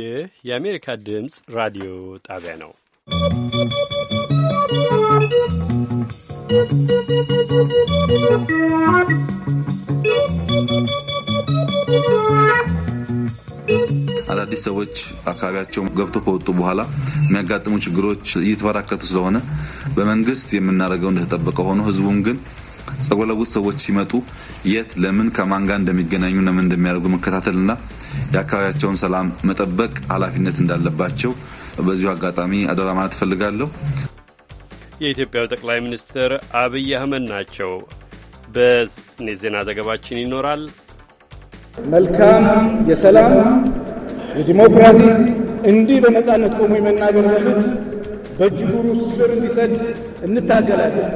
ይህ የአሜሪካ ድምፅ ራዲዮ ጣቢያ ነው። አዳዲስ ሰዎች አካባቢያቸው ገብቶ ከወጡ በኋላ የሚያጋጥሙ ችግሮች እየተበራከቱ ስለሆነ በመንግስት የምናደርገው እንደተጠበቀ ሆኖ ህዝቡም ግን ጸጉረ ልውጥ ሰዎች ሲመጡ የት፣ ለምን፣ ከማን ጋር እንደሚገናኙ ለምን እንደሚያደርጉ መከታተልና የአካባቢያቸውን ሰላም መጠበቅ ኃላፊነት እንዳለባቸው በዚሁ አጋጣሚ አደራ ማለት እፈልጋለሁ። የኢትዮጵያው ጠቅላይ ሚኒስትር አብይ አህመድ ናቸው። ዜና ዘገባችን ይኖራል። መልካም የሰላም የዲሞክራሲ እንዲህ በነጻነት ቆሞ የመናገር መብት በእጅጉሩ ስር እንዲሰድ እንታገላለን።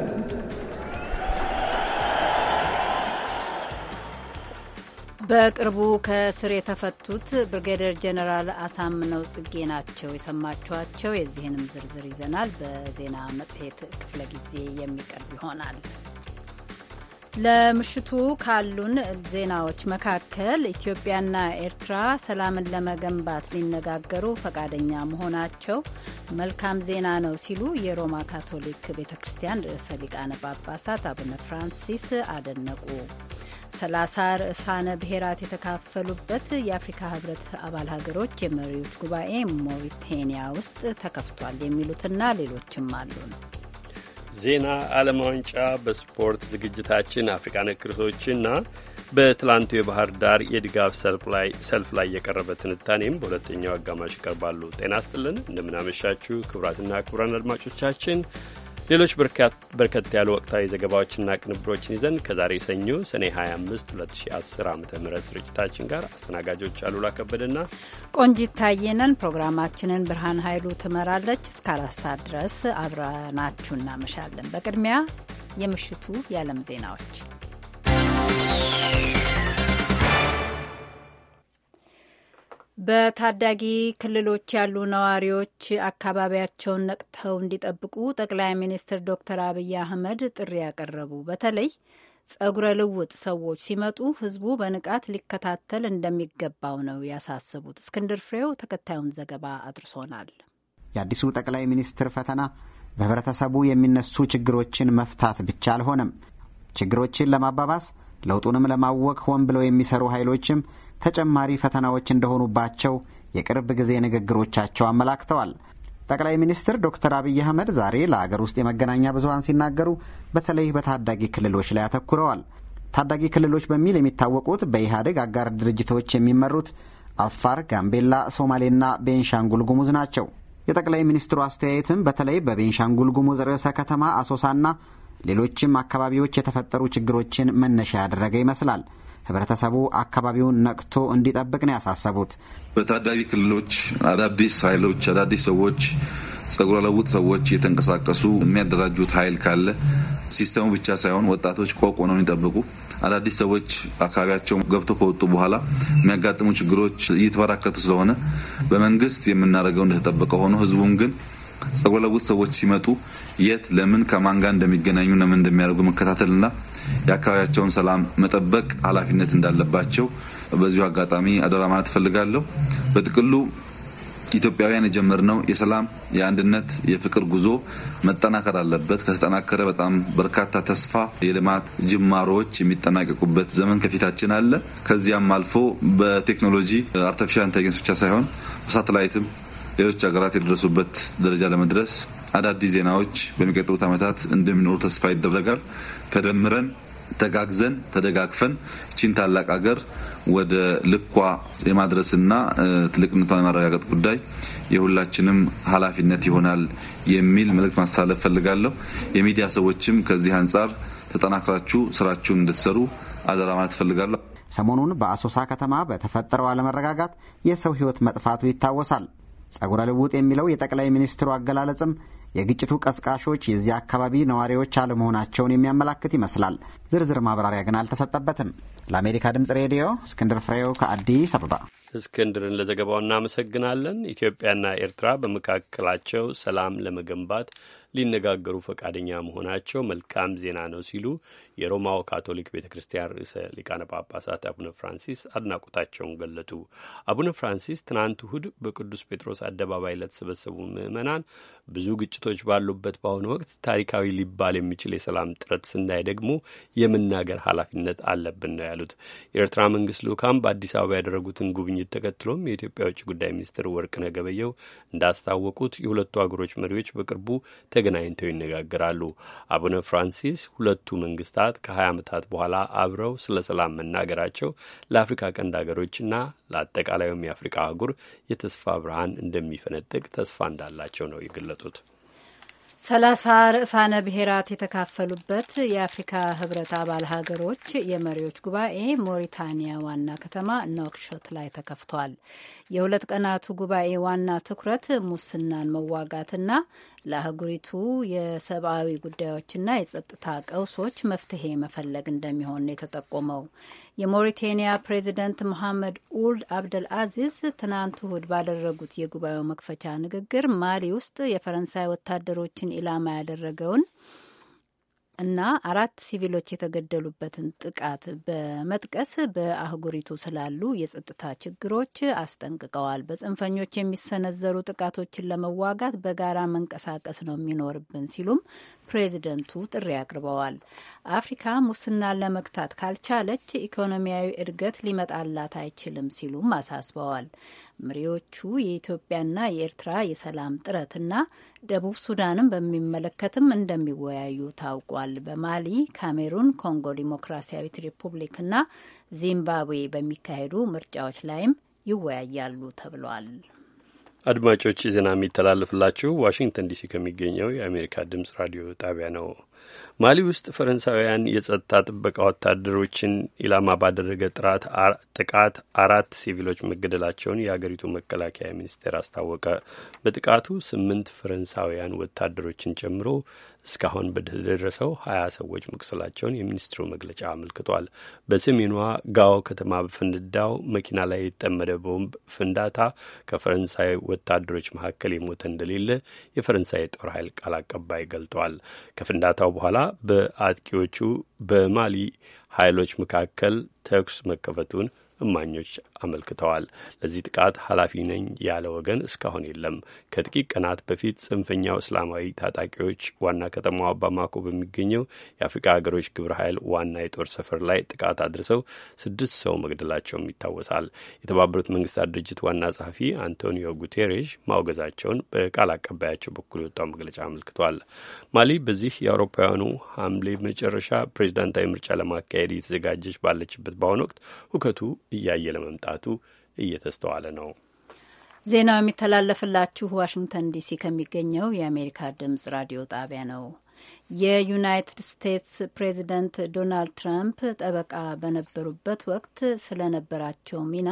በቅርቡ ከእስር የተፈቱት ብርጋዴር ጀነራል አሳምነው ጽጌ ናቸው የሰማችኋቸው። የዚህንም ዝርዝር ይዘናል በዜና መጽሔት ክፍለ ጊዜ የሚቀርብ ይሆናል። ለምሽቱ ካሉን ዜናዎች መካከል ኢትዮጵያና ኤርትራ ሰላምን ለመገንባት ሊነጋገሩ ፈቃደኛ መሆናቸው መልካም ዜና ነው ሲሉ የሮማ ካቶሊክ ቤተ ክርስቲያን ርዕሰ ሊቃነ ጳጳሳት አቡነ ፍራንሲስ አደነቁ። ሰላሳ ርዕሳነ ብሔራት የተካፈሉበት የአፍሪካ ህብረት አባል ሀገሮች የመሪዎች ጉባኤ ሞሪቴኒያ ውስጥ ተከፍቷል። የሚሉትና ሌሎችም አሉ ነው። ዜና ዓለም ዋንጫ በስፖርት ዝግጅታችን አፍሪካ ነክ ርዕሶችና በትላንቱ የባህር ዳር የድጋፍ ሰልፍ ላይ የቀረበ ትንታኔም በሁለተኛው አጋማሽ ይቀርባሉ። ጤና ስጥልን እንደምናመሻችሁ ክቡራትና ክቡራን አድማጮቻችን ሌሎች በርከት ያሉ ወቅታዊ ዘገባዎችና ቅንብሮችን ይዘን ከዛሬ ሰኞ ሰኔ 25 2010 ዓ ም ስርጭታችን ጋር አስተናጋጆች አሉላ ከበደና ቆንጂት ታየነን። ፕሮግራማችንን ብርሃን ኃይሉ ትመራለች። እስከ አራት ሰዓት ድረስ አብረናችሁ እናመሻለን። በቅድሚያ የምሽቱ የዓለም ዜናዎች በታዳጊ ክልሎች ያሉ ነዋሪዎች አካባቢያቸውን ነቅተው እንዲጠብቁ ጠቅላይ ሚኒስትር ዶክተር አብይ አህመድ ጥሪ ያቀረቡ በተለይ ጸጉረ ልውጥ ሰዎች ሲመጡ ህዝቡ በንቃት ሊከታተል እንደሚገባው ነው ያሳስቡት እስክንድር ፍሬው ተከታዩን ዘገባ አድርሶናል። የአዲሱ ጠቅላይ ሚኒስትር ፈተና በህብረተሰቡ የሚነሱ ችግሮችን መፍታት ብቻ አልሆነም። ችግሮችን ለማባባስ ለውጡንም ለማወክ ሆን ብለው የሚሰሩ ኃይሎችም ተጨማሪ ፈተናዎች እንደሆኑባቸው የቅርብ ጊዜ ንግግሮቻቸው አመላክተዋል። ጠቅላይ ሚኒስትር ዶክተር አብይ አህመድ ዛሬ ለአገር ውስጥ የመገናኛ ብዙሀን ሲናገሩ በተለይ በታዳጊ ክልሎች ላይ አተኩረዋል። ታዳጊ ክልሎች በሚል የሚታወቁት በኢህአዴግ አጋር ድርጅቶች የሚመሩት አፋር፣ ጋምቤላ፣ ሶማሌና ቤንሻንጉል ጉሙዝ ናቸው። የጠቅላይ ሚኒስትሩ አስተያየትም በተለይ በቤንሻንጉል ጉሙዝ ርዕሰ ከተማ አሶሳና ሌሎችም አካባቢዎች የተፈጠሩ ችግሮችን መነሻ ያደረገ ይመስላል። ህብረተሰቡ አካባቢውን ነቅቶ እንዲጠብቅ ነው ያሳሰቡት። በታዳጊ ክልሎች አዳዲስ ኃይሎች አዳዲስ ሰዎች ጸጉረ ለውጥ ሰዎች እየተንቀሳቀሱ የሚያደራጁት ኃይል ካለ ሲስተሙ ብቻ ሳይሆን ወጣቶች ቆቆ ነው ይጠብቁ። አዳዲስ ሰዎች አካባቢያቸው ገብቶ ከወጡ በኋላ የሚያጋጥሙ ችግሮች እየተበራከቱ ስለሆነ በመንግስት የምናደርገው እንደተጠበቀ ሆኖ ህዝቡም ግን ጸጉረ ለውጥ ሰዎች ሲመጡ የት፣ ለምን፣ ከማን ጋር እንደሚገናኙ ለምን እንደሚያደርጉ መከታተልና የአካባቢያቸውን ሰላም መጠበቅ ኃላፊነት እንዳለባቸው በዚሁ አጋጣሚ አደራ ማለት እፈልጋለሁ። በጥቅሉ ኢትዮጵያውያን የጀመርነው የሰላም የአንድነት፣ የፍቅር ጉዞ መጠናከር አለበት። ከተጠናከረ በጣም በርካታ ተስፋ የልማት ጅማሮዎች የሚጠናቀቁበት ዘመን ከፊታችን አለ። ከዚያም አልፎ በቴክኖሎጂ አርቲፊሻል ኢንቴሊጀንስ ብቻ ሳይሆን በሳተላይትም ሌሎች ሀገራት የደረሱበት ደረጃ ለመድረስ አዳዲስ ዜናዎች በሚቀጥሉት ዓመታት እንደሚኖሩ ተስፋ ይደረጋል። ተደምረን ተጋግዘን ተደጋግፈን ይችን ታላቅ ሀገር ወደ ልኳ የማድረስና ትልቅነቷን የማረጋገጥ ጉዳይ የሁላችንም ኃላፊነት ይሆናል የሚል መልእክት ማስተላለፍ ፈልጋለሁ። የሚዲያ ሰዎችም ከዚህ አንጻር ተጠናክራችሁ ስራችሁን እንድትሰሩ አደራ ማለት ፈልጋለሁ። ሰሞኑን በአሶሳ ከተማ በተፈጠረው አለመረጋጋት የሰው ሕይወት መጥፋቱ ይታወሳል። ጸጉረ ልውጥ የሚለው የጠቅላይ ሚኒስትሩ አገላለጽም የግጭቱ ቀስቃሾች የዚያ አካባቢ ነዋሪዎች አለመሆናቸውን የሚያመላክት ይመስላል። ዝርዝር ማብራሪያ ግን አልተሰጠበትም። ለአሜሪካ ድምጽ ሬዲዮ እስክንድር ፍሬው ከአዲስ አበባ። እስክንድርን ለዘገባው እናመሰግናለን። ኢትዮጵያና ኤርትራ በመካከላቸው ሰላም ለመገንባት ሊነጋገሩ ፈቃደኛ መሆናቸው መልካም ዜና ነው ሲሉ የሮማው ካቶሊክ ቤተ ክርስቲያን ርዕሰ ሊቃነ ጳጳሳት አቡነ ፍራንሲስ አድናቆታቸውን ገለጡ። አቡነ ፍራንሲስ ትናንት እሁድ በቅዱስ ጴጥሮስ አደባባይ ለተሰበሰቡ ምዕመናን ብዙ ግጭቶች ባሉበት በአሁኑ ወቅት ታሪካዊ ሊባል የሚችል የሰላም ጥረት ስናይ ደግሞ የመናገር ኃላፊነት አለብን ነው ያሉት። የኤርትራ መንግስት ልዑካን በአዲስ አበባ ያደረጉትን ጉብኝት ተከትሎም የኢትዮጵያ ውጭ ጉዳይ ሚኒስትር ወርቅነህ ገበየሁ እንዳስታወቁት የሁለቱ አገሮች መሪዎች በቅርቡ ተገናኝተው ይነጋገራሉ። አቡነ ፍራንሲስ ሁለቱ መንግስታት መንግስታት ከ20 ዓመታት በኋላ አብረው ስለ ሰላም መናገራቸው ለአፍሪካ ቀንድ ሀገሮችና ለአጠቃላዩም የአፍሪካ አህጉር የተስፋ ብርሃን እንደሚፈነጥቅ ተስፋ እንዳላቸው ነው የገለጡት። ሰላሳ ርዕሳነ ብሔራት የተካፈሉበት የአፍሪካ ህብረት አባል ሀገሮች የመሪዎች ጉባኤ ሞሪታኒያ ዋና ከተማ ኖክሾት ላይ ተከፍቷል። የሁለት ቀናቱ ጉባኤ ዋና ትኩረት ሙስናን መዋጋትና ለአህጉሪቱ የሰብአዊ ጉዳዮችና የጸጥታ ቀውሶች መፍትሄ መፈለግ እንደሚሆን የተጠቆመው። የሞሪቴኒያ ፕሬዚደንት መሐመድ ኡልድ አብደል አዚዝ ትናንት እሁድ ባደረጉት የጉባኤው መክፈቻ ንግግር ማሊ ውስጥ የፈረንሳይ ወታደሮችን ኢላማ ያደረገውን እና አራት ሲቪሎች የተገደሉበትን ጥቃት በመጥቀስ በአህጉሪቱ ስላሉ የጸጥታ ችግሮች አስጠንቅቀዋል። በጽንፈኞች የሚሰነዘሩ ጥቃቶችን ለመዋጋት በጋራ መንቀሳቀስ ነው የሚኖርብን ሲሉም ፕሬዚደንቱ ጥሪ አቅርበዋል። አፍሪካ ሙስናን ለመግታት ካልቻለች ኢኮኖሚያዊ እድገት ሊመጣላት አይችልም ሲሉም አሳስበዋል። መሪዎቹ የኢትዮጵያና የኤርትራ የሰላም ጥረትና ደቡብ ሱዳንን በሚመለከትም እንደሚወያዩ ታውቋል። በማሊ፣ ካሜሩን፣ ኮንጎ ዲሞክራሲያዊት ሪፑብሊክና ዚምባብዌ በሚካሄዱ ምርጫዎች ላይም ይወያያሉ ተብሏል። አድማጮች ዜና የሚተላለፍላችሁ ዋሽንግተን ዲሲ ከሚገኘው የአሜሪካ ድምጽ ራዲዮ ጣቢያ ነው። ማሊ ውስጥ ፈረንሳውያን የጸጥታ ጥበቃ ወታደሮችን ኢላማ ባደረገ ጥራት ጥቃት አራት ሲቪሎች መገደላቸውን የአገሪቱ መከላከያ ሚኒስቴር አስታወቀ። በጥቃቱ ስምንት ፈረንሳውያን ወታደሮችን ጨምሮ እስካሁን በደረሰው ሀያ ሰዎች መቁሰላቸውን የሚኒስትሩ መግለጫ አመልክቷል። በሰሜኗ ጋው ከተማ በፍንዳው መኪና ላይ የተጠመደ ቦምብ ፍንዳታ ከፈረንሳይ ወታደሮች መካከል የሞተ እንደሌለ የፈረንሳይ ጦር ኃይል ቃል አቀባይ ገልጧል። ከፍንዳታው በኋላ በአጥቂዎቹ በማሊ ኃይሎች መካከል ተኩስ መከፈቱን እማኞች አመልክተዋል። ለዚህ ጥቃት ኃላፊ ነኝ ያለ ወገን እስካሁን የለም። ከጥቂት ቀናት በፊት ጽንፈኛው እስላማዊ ታጣቂዎች ዋና ከተማዋ ባማኮ በሚገኘው የአፍሪካ ሀገሮች ግብረ ኃይል ዋና የጦር ሰፈር ላይ ጥቃት አድርሰው ስድስት ሰው መግደላቸውም ይታወሳል። የተባበሩት መንግስታት ድርጅት ዋና ጸሐፊ አንቶኒዮ ጉቴሬሽ ማውገዛቸውን በቃል አቀባያቸው በኩል የወጣው መግለጫ አመልክቷል። ማሊ በዚህ የአውሮፓውያኑ ሐምሌ መጨረሻ ፕሬዚዳንታዊ ምርጫ ለማካሄድ እየተዘጋጀች ባለችበት በአሁኑ ወቅት ሁከቱ እያየ ለመምጣቱ እየተስተዋለ ነው። ዜናው የሚተላለፍላችሁ ዋሽንግተን ዲሲ ከሚገኘው የአሜሪካ ድምጽ ራዲዮ ጣቢያ ነው። የዩናይትድ ስቴትስ ፕሬዚደንት ዶናልድ ትራምፕ ጠበቃ በነበሩበት ወቅት ስለነበራቸው ሚና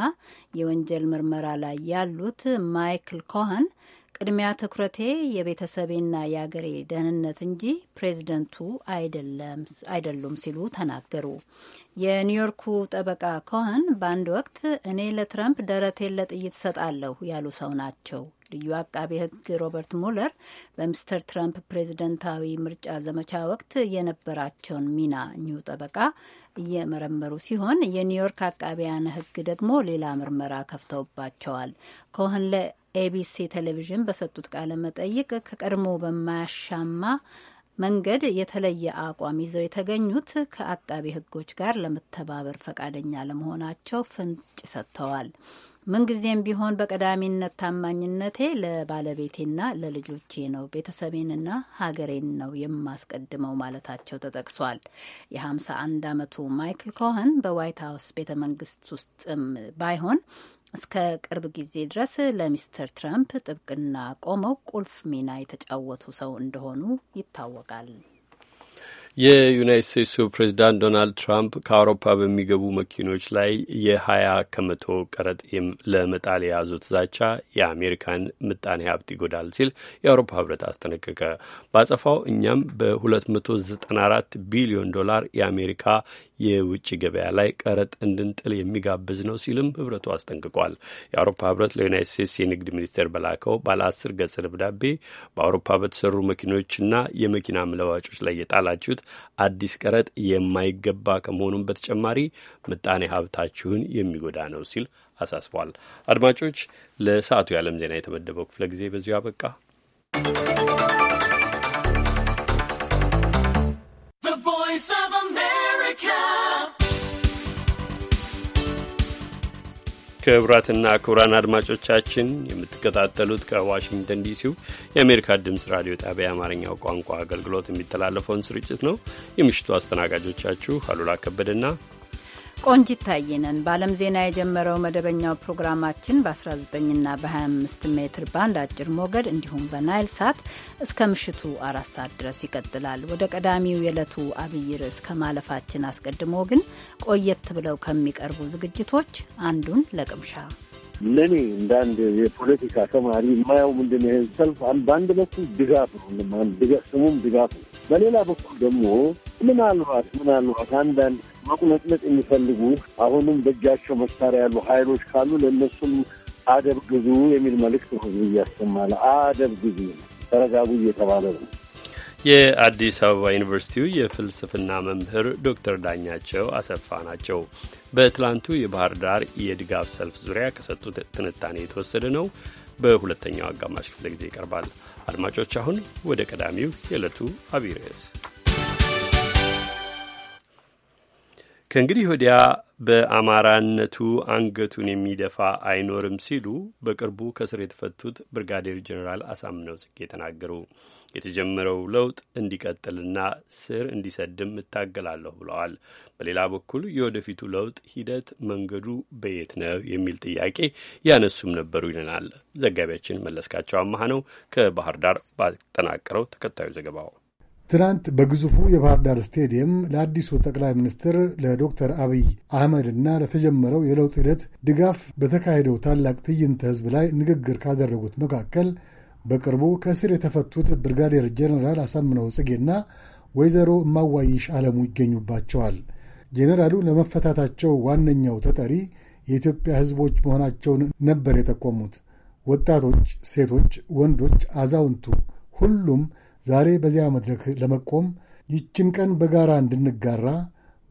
የወንጀል ምርመራ ላይ ያሉት ማይክል ኮሀን ቅድሚያ ትኩረቴ የቤተሰቤና የአገሬ ደህንነት እንጂ ፕሬዝደንቱ አይደሉም ሲሉ ተናገሩ። የኒውዮርኩ ጠበቃ ኮህን በአንድ ወቅት እኔ ለትረምፕ ደረቴን ለጥይት ሰጣለሁ ያሉ ሰው ናቸው። ልዩ አቃቤ ሕግ ሮበርት ሙለር በሚስተር ትራምፕ ፕሬዝደንታዊ ምርጫ ዘመቻ ወቅት የነበራቸውን ሚና እኚሁ ጠበቃ እየመረመሩ ሲሆን የኒውዮርክ አቃቢያን ሕግ ደግሞ ሌላ ምርመራ ከፍተውባቸዋል። ኮህን ኤቢሲ ቴሌቪዥን በሰጡት ቃለ መጠይቅ ከቀድሞ በማያሻማ መንገድ የተለየ አቋም ይዘው የተገኙት ከአቃቢ ሕጎች ጋር ለመተባበር ፈቃደኛ ለመሆናቸው ፍንጭ ሰጥተዋል። ምንጊዜም ቢሆን በቀዳሚነት ታማኝነቴ ለባለቤቴና ለልጆቼ ነው፣ ቤተሰቤንና ሀገሬን ነው የማስቀድመው ማለታቸው ተጠቅሷል። የ51 ዓመቱ ማይክል ኮህን በዋይት ሀውስ ቤተ መንግስት ውስጥም ባይሆን እስከ ቅርብ ጊዜ ድረስ ለሚስተር ትራምፕ ጥብቅና ቆመው ቁልፍ ሚና የተጫወቱ ሰው እንደሆኑ ይታወቃል። የዩናይት ስቴትሱ ፕሬዚዳንት ዶናልድ ትራምፕ ከአውሮፓ በሚገቡ መኪኖች ላይ የሀያ ከመቶ ቀረጥ ለመጣል የያዙት ዛቻ የአሜሪካን ምጣኔ ሀብት ይጎዳል ሲል የአውሮፓ ህብረት አስጠነቀቀ። ባጸፋው እኛም በ294 ቢሊዮን ዶላር የአሜሪካ የውጭ ገበያ ላይ ቀረጥ እንድንጥል የሚጋብዝ ነው ሲልም ህብረቱ አስጠንቅቋል። የአውሮፓ ህብረት ለዩናይት ስቴትስ የንግድ ሚኒስቴር በላከው ባለ አስር ገጽ ደብዳቤ በአውሮፓ በተሰሩ መኪኖችና የመኪና መለዋጮች ላይ የጣላችሁት አዲስ ቀረጥ የማይገባ ከመሆኑም በተጨማሪ ምጣኔ ሀብታችሁን የሚጎዳ ነው ሲል አሳስቧል። አድማጮች፣ ለሰዓቱ የዓለም ዜና የተመደበው ክፍለ ጊዜ በዚሁ አበቃ። ክቡራትና ክቡራን አድማጮቻችን የምትከታተሉት ከዋሽንግተን ዲሲው የአሜሪካ ድምፅ ራዲዮ ጣቢያ የአማርኛው ቋንቋ አገልግሎት የሚተላለፈውን ስርጭት ነው። የምሽቱ አስተናጋጆቻችሁ አሉላ ከበደና ቆንጂት ታየነን በዓለም ዜና የጀመረው መደበኛው ፕሮግራማችን በ19ና በ25 ሜትር ባንድ አጭር ሞገድ እንዲሁም በናይል ሳት እስከ ምሽቱ አራት ሰዓት ድረስ ይቀጥላል። ወደ ቀዳሚው የዕለቱ አብይ ርዕስ ከማለፋችን አስቀድሞ ግን ቆየት ብለው ከሚቀርቡ ዝግጅቶች አንዱን ለቅምሻ ለእኔ እንደ አንድ የፖለቲካ ተማሪ የማየው ምንድን ነው ይህን ሰልፍ በአንድ በኩል ድጋፍ ነው፣ ስሙም ድጋፍ ነው። በሌላ በኩል ደግሞ ምናልባት ምናልባት አንዳንድ መቁነጥነጥ የሚፈልጉ አሁንም በእጃቸው መሳሪያ ያሉ ኃይሎች ካሉ ለእነሱም አደብ ግዙ የሚል መልእክት ነው እያሰማለ አደብ ግዙ ተረጋጉ እየተባለ ነው። የአዲስ አበባ ዩኒቨርሲቲው የፍልስፍና መምህር ዶክተር ዳኛቸው አሰፋ ናቸው። በትላንቱ የባህር ዳር የድጋፍ ሰልፍ ዙሪያ ከሰጡት ትንታኔ የተወሰደ ነው። በሁለተኛው አጋማሽ ክፍለ ጊዜ ይቀርባል። አድማጮች፣ አሁን ወደ ቀዳሚው የዕለቱ አብይ ርዕስ ከእንግዲህ ወዲያ በአማራነቱ አንገቱን የሚደፋ አይኖርም ሲሉ በቅርቡ ከስር የተፈቱት ብርጋዴር ጀኔራል አሳምነው ጽጌ ተናገሩ። የተጀመረው ለውጥ እንዲቀጥልና ስር እንዲሰድም እታገላለሁ ብለዋል። በሌላ በኩል የወደፊቱ ለውጥ ሂደት መንገዱ በየት ነው የሚል ጥያቄ ያነሱም ነበሩ ይለናል ዘጋቢያችን መለስካቸው አማሃ ነው ከባህር ዳር ባጠናቀረው ተከታዩ ዘገባው። ትናንት በግዙፉ የባህር ዳር ስቴዲየም ለአዲሱ ጠቅላይ ሚኒስትር ለዶክተር አብይ አህመድና ለተጀመረው የለውጥ ሂደት ድጋፍ በተካሄደው ታላቅ ትዕይንተ ህዝብ ላይ ንግግር ካደረጉት መካከል በቅርቡ ከእስር የተፈቱት ብርጋዴር ጄኔራል አሳምነው ጽጌና ወይዘሮ እማዋይሽ ዓለሙ ይገኙባቸዋል። ጄኔራሉ ለመፈታታቸው ዋነኛው ተጠሪ የኢትዮጵያ ሕዝቦች መሆናቸውን ነበር የጠቆሙት። ወጣቶች፣ ሴቶች፣ ወንዶች፣ አዛውንቱ ሁሉም ዛሬ በዚያ መድረክ ለመቆም ይችን ቀን በጋራ እንድንጋራ፣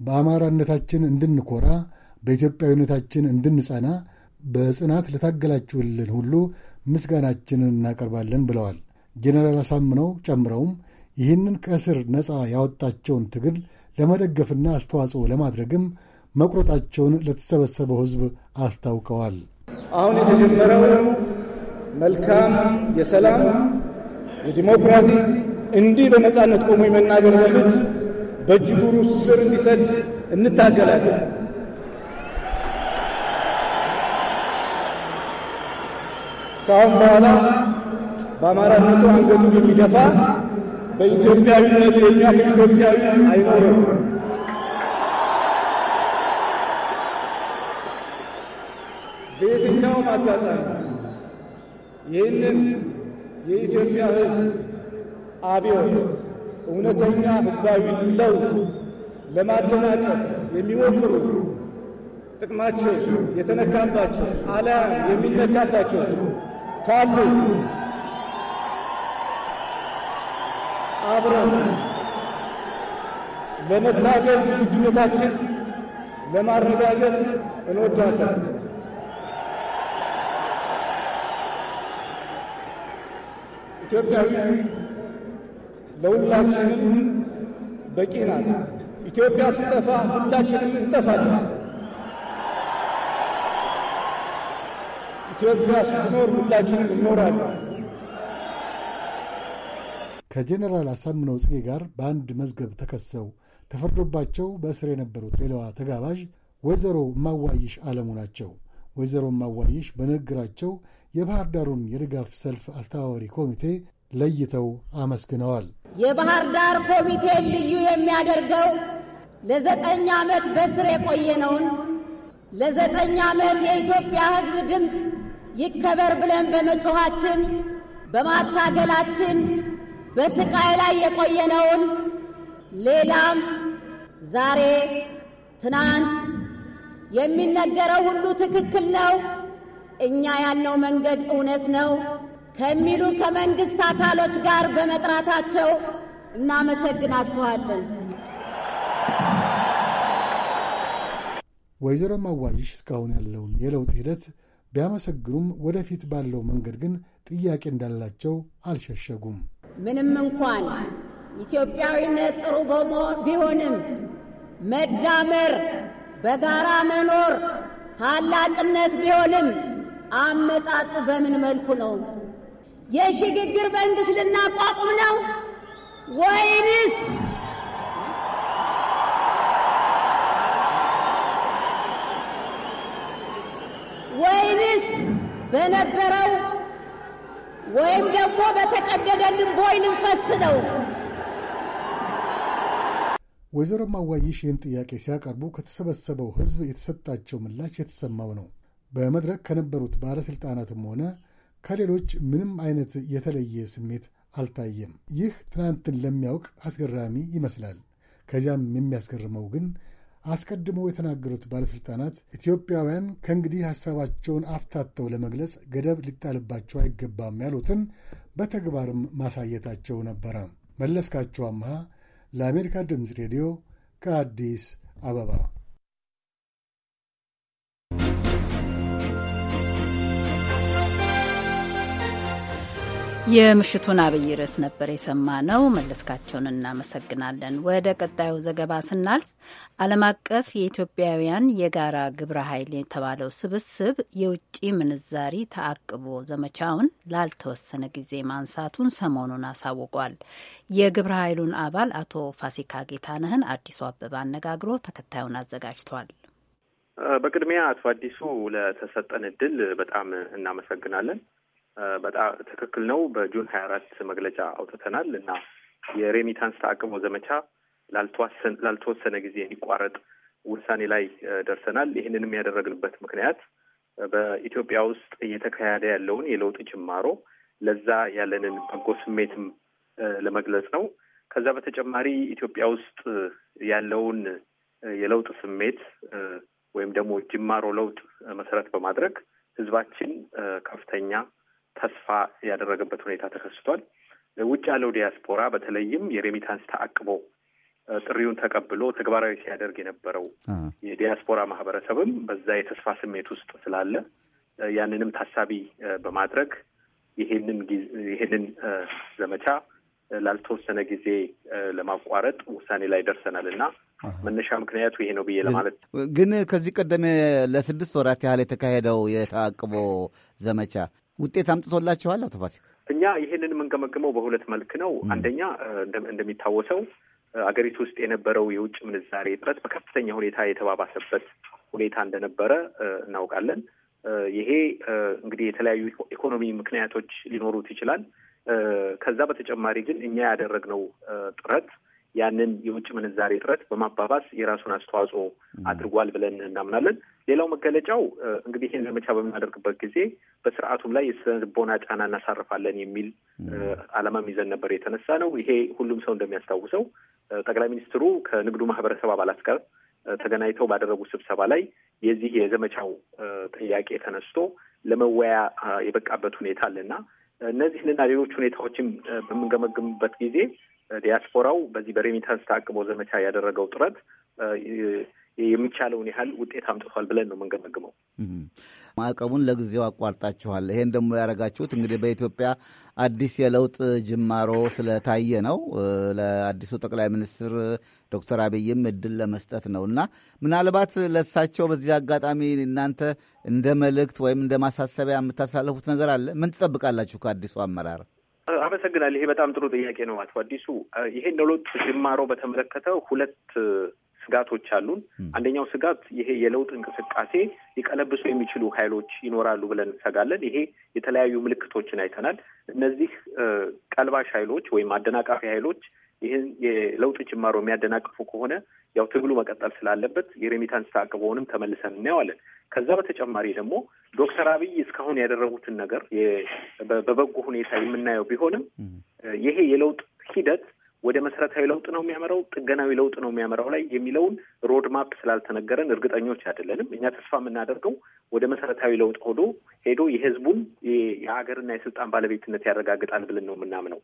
በአማራነታችን እንድንኮራ፣ በኢትዮጵያዊነታችን እንድንጸና በጽናት ለታገላችሁልን ሁሉ ምስጋናችንን እናቀርባለን ብለዋል። ጄኔራል አሳምነው ጨምረውም ይህንን ከእስር ነፃ ያወጣቸውን ትግል ለመደገፍና አስተዋጽኦ ለማድረግም መቁረጣቸውን ለተሰበሰበው ሕዝብ አስታውቀዋል። አሁን የተጀመረው መልካም የሰላም የዲሞክራሲ እንዲህ በነፃነት ቆሞ የመናገር መብት በእጅጉ ስር እንዲሰድ እንታገላለን። ከአሁን በኋላ በአማራነቱ አንገቱን የሚደፋ በኢትዮጵያዊነቱ የሚያፍር ኢትዮጵያዊ አይኖርም። በየትኛውም አጋጣሚ ይህንን የኢትዮጵያ ሕዝብ አብዮት እውነተኛ ሕዝባዊ ለውጥ ለማደናቀፍ የሚሞክሩ ጥቅማቸው የተነካባቸው አላያም የሚነካባቸው ካሉ አብረን ለመታገል ዝግጁነታችን ለማረጋገጥ እንወዳለን። ኢትዮጵያዊ ለሁላችንም በቂ ናት። ኢትዮጵያ ስጠፋ ሁላችንም እንጠፋለን። ኢትዮጵያ ስትኖር ሁላችንም ከጀኔራል አሳምነው ጽጌ ጋር በአንድ መዝገብ ተከሰው ተፈርዶባቸው በእስር የነበሩት ሌላዋ ተጋባዥ ወይዘሮ ማዋይሽ አለሙ ናቸው። ወይዘሮ ማዋይሽ በንግግራቸው የባህር ዳሩን የድጋፍ ሰልፍ አስተባባሪ ኮሚቴ ለይተው አመስግነዋል። የባህር ዳር ኮሚቴን ልዩ የሚያደርገው ለዘጠኝ ዓመት በስር የቆየነውን ለዘጠኝ ዓመት የኢትዮጵያ ሕዝብ ድምፅ ይከበር ብለን በመጮኋችን በማታገላችን በስቃይ ላይ የቆየነውን ሌላም ዛሬ ትናንት የሚነገረው ሁሉ ትክክል ነው፣ እኛ ያልነው መንገድ እውነት ነው ከሚሉ ከመንግስት አካሎች ጋር በመጥራታቸው እናመሰግናችኋለን። ወይዘሮ ማዋይሽ እስካሁን ያለውን የለውጥ ሂደት ቢያመሰግኑም ወደፊት ባለው መንገድ ግን ጥያቄ እንዳላቸው አልሸሸጉም። ምንም እንኳን ኢትዮጵያዊነት ጥሩ ቢሆንም መዳመር፣ በጋራ መኖር ታላቅነት ቢሆንም አመጣጡ በምን መልኩ ነው? የሽግግር መንግሥት ልናቋቁም ነው ወይንስ በነበረው ወይም ደግሞ በተቀደደልን ቦይ ልንፈስ ነው። ወይዘሮ ማዋይሽ ይህን ጥያቄ ሲያቀርቡ ከተሰበሰበው ሕዝብ የተሰጣቸው ምላሽ የተሰማው ነው። በመድረክ ከነበሩት ባለሥልጣናትም ሆነ ከሌሎች ምንም አይነት የተለየ ስሜት አልታየም። ይህ ትናንትን ለሚያውቅ አስገራሚ ይመስላል። ከዚያም የሚያስገርመው ግን አስቀድመው የተናገሩት ባለሥልጣናት ኢትዮጵያውያን ከእንግዲህ ሐሳባቸውን አፍታተው ለመግለጽ ገደብ ሊጣልባቸው አይገባም ያሉትን በተግባርም ማሳየታቸው ነበረ። መለስካቸው አምሃ ለአሜሪካ ድምፅ ሬዲዮ ከአዲስ አበባ የምሽቱን አብይ ርዕስ ነበር ነው መለስካቸውን እናመሰግናለን። ወደ ቀጣዩ ዘገባ ስናልፍ ዓለም አቀፍ የኢትዮጵያውያን የጋራ ግብረ ኃይል የተባለው ስብስብ የውጭ ምንዛሪ ተአቅቦ ዘመቻውን ላልተወሰነ ጊዜ ማንሳቱን ሰሞኑን አሳውቋል። የግብረ ኃይሉን አባል አቶ ፋሲካ ጌታነህን አዲሱ አበባ አነጋግሮ ተከታዩን አዘጋጅቷል። በቅድሚያ አቶ አዲሱ ለተሰጠን እድል በጣም እናመሰግናለን። በጣም ትክክል ነው። በጁን ሀያ አራት መግለጫ አውጥተናል እና የሬሚታንስ ተአቅቦ ዘመቻ ላልተወሰነ ጊዜ የሚቋረጥ ውሳኔ ላይ ደርሰናል። ይህንንም ያደረግንበት ምክንያት በኢትዮጵያ ውስጥ እየተካሄደ ያለውን የለውጥ ጅማሮ ለዛ ያለንን በጎ ስሜትም ለመግለጽ ነው። ከዛ በተጨማሪ ኢትዮጵያ ውስጥ ያለውን የለውጥ ስሜት ወይም ደግሞ ጅማሮ ለውጥ መሰረት በማድረግ ህዝባችን ከፍተኛ ተስፋ ያደረገበት ሁኔታ ተከስቷል። ውጭ ያለው ዲያስፖራ በተለይም የሬሚታንስ ተአቅቦ ጥሪውን ተቀብሎ ተግባራዊ ሲያደርግ የነበረው የዲያስፖራ ማህበረሰብም በዛ የተስፋ ስሜት ውስጥ ስላለ ያንንም ታሳቢ በማድረግ ይሄንን ይሄንን ዘመቻ ላልተወሰነ ጊዜ ለማቋረጥ ውሳኔ ላይ ደርሰናል እና መነሻ ምክንያቱ ይሄ ነው ብዬ ለማለት ግን ከዚህ ቀደም ለስድስት ወራት ያህል የተካሄደው የተአቅቦ ዘመቻ ውጤት አምጥቶላችኋል? አቶ ፋሲክ፣ እኛ ይህንን የምንገመግመው በሁለት መልክ ነው። አንደኛ እንደሚታወሰው አገሪቱ ውስጥ የነበረው የውጭ ምንዛሬ እጥረት በከፍተኛ ሁኔታ የተባባሰበት ሁኔታ እንደነበረ እናውቃለን። ይሄ እንግዲህ የተለያዩ ኢኮኖሚ ምክንያቶች ሊኖሩት ይችላል። ከዛ በተጨማሪ ግን እኛ ያደረግነው ጥረት ያንን የውጭ ምንዛሬ እጥረት በማባባስ የራሱን አስተዋጽኦ አድርጓል ብለን እናምናለን። ሌላው መገለጫው እንግዲህ ይህን ዘመቻ በምናደርግበት ጊዜ በስርዓቱም ላይ የስነ ልቦና ጫና እናሳርፋለን የሚል ዓላማም ይዘን ነበር የተነሳ ነው። ይሄ ሁሉም ሰው እንደሚያስታውሰው ጠቅላይ ሚኒስትሩ ከንግዱ ማህበረሰብ አባላት ጋር ተገናኝተው ባደረጉት ስብሰባ ላይ የዚህ የዘመቻው ጥያቄ ተነስቶ ለመወያ የበቃበት ሁኔታ አለና እነዚህንና ሌሎች ሁኔታዎችን በምንገመግምበት ጊዜ ዲያስፖራው በዚህ በሬሚታንስ ታቅቦ ዘመቻ ያደረገው ጥረት የሚቻለውን ያህል ውጤት አምጥቷል ብለን ነው የምንገመግመው። ማዕቀቡን ለጊዜው አቋርጣችኋል። ይሄን ደግሞ ያደረጋችሁት እንግዲህ በኢትዮጵያ አዲስ የለውጥ ጅማሮ ስለታየ ነው። ለአዲሱ ጠቅላይ ሚኒስትር ዶክተር አብይም እድል ለመስጠት ነው እና ምናልባት ለሳቸው በዚህ አጋጣሚ እናንተ እንደ መልእክት ወይም እንደ ማሳሰቢያ የምታሳልፉት ነገር አለ? ምን ትጠብቃላችሁ ከአዲሱ አመራር? አመሰግናል። ይሄ በጣም ጥሩ ጥያቄ ነው አቶ አዲሱ። ይሄ ለውጥ ጅማሮ በተመለከተ ሁለት ስጋቶች አሉን። አንደኛው ስጋት ይሄ የለውጥ እንቅስቃሴ ሊቀለብሱ የሚችሉ ኃይሎች ይኖራሉ ብለን እንሰጋለን። ይሄ የተለያዩ ምልክቶችን አይተናል። እነዚህ ቀልባሽ ኃይሎች ወይም አደናቃፊ ኃይሎች ይህን የለውጥ ጅማሮ የሚያደናቅፉ ከሆነ ያው ትግሉ መቀጠል ስላለበት የሬሚታንስ ታቅቦውንም ተመልሰን እናየዋለን። ከዛ በተጨማሪ ደግሞ ዶክተር አብይ እስካሁን ያደረጉትን ነገር በበጎ ሁኔታ የምናየው ቢሆንም ይሄ የለውጥ ሂደት ወደ መሰረታዊ ለውጥ ነው የሚያመራው፣ ጥገናዊ ለውጥ ነው የሚያመራው ላይ የሚለውን ሮድማፕ ስላልተነገረን እርግጠኞች አይደለንም። እኛ ተስፋ የምናደርገው ወደ መሰረታዊ ለውጥ ሆዶ ሄዶ የህዝቡን የሀገርና የስልጣን ባለቤትነት ያረጋግጣል ብለን ነው የምናምነው።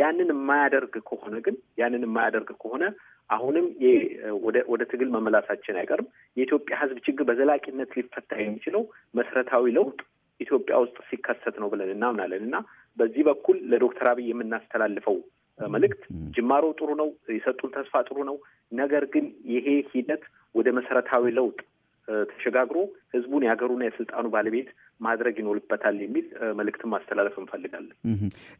ያንን የማያደርግ ከሆነ ግን ያንን የማያደርግ ከሆነ አሁንም ወደ ትግል መመላሳችን አይቀርም። የኢትዮጵያ ህዝብ ችግር በዘላቂነት ሊፈታ የሚችለው መሰረታዊ ለውጥ ኢትዮጵያ ውስጥ ሲከሰት ነው ብለን እናምናለን እና በዚህ በኩል ለዶክተር አብይ የምናስተላልፈው መልእክት ጅማሮ ጥሩ ነው፣ የሰጡን ተስፋ ጥሩ ነው። ነገር ግን ይሄ ሂደት ወደ መሰረታዊ ለውጥ ተሸጋግሮ ህዝቡን የሀገሩና የስልጣኑ ባለቤት ማድረግ ይኖርበታል የሚል መልእክትን ማስተላለፍ እንፈልጋለን።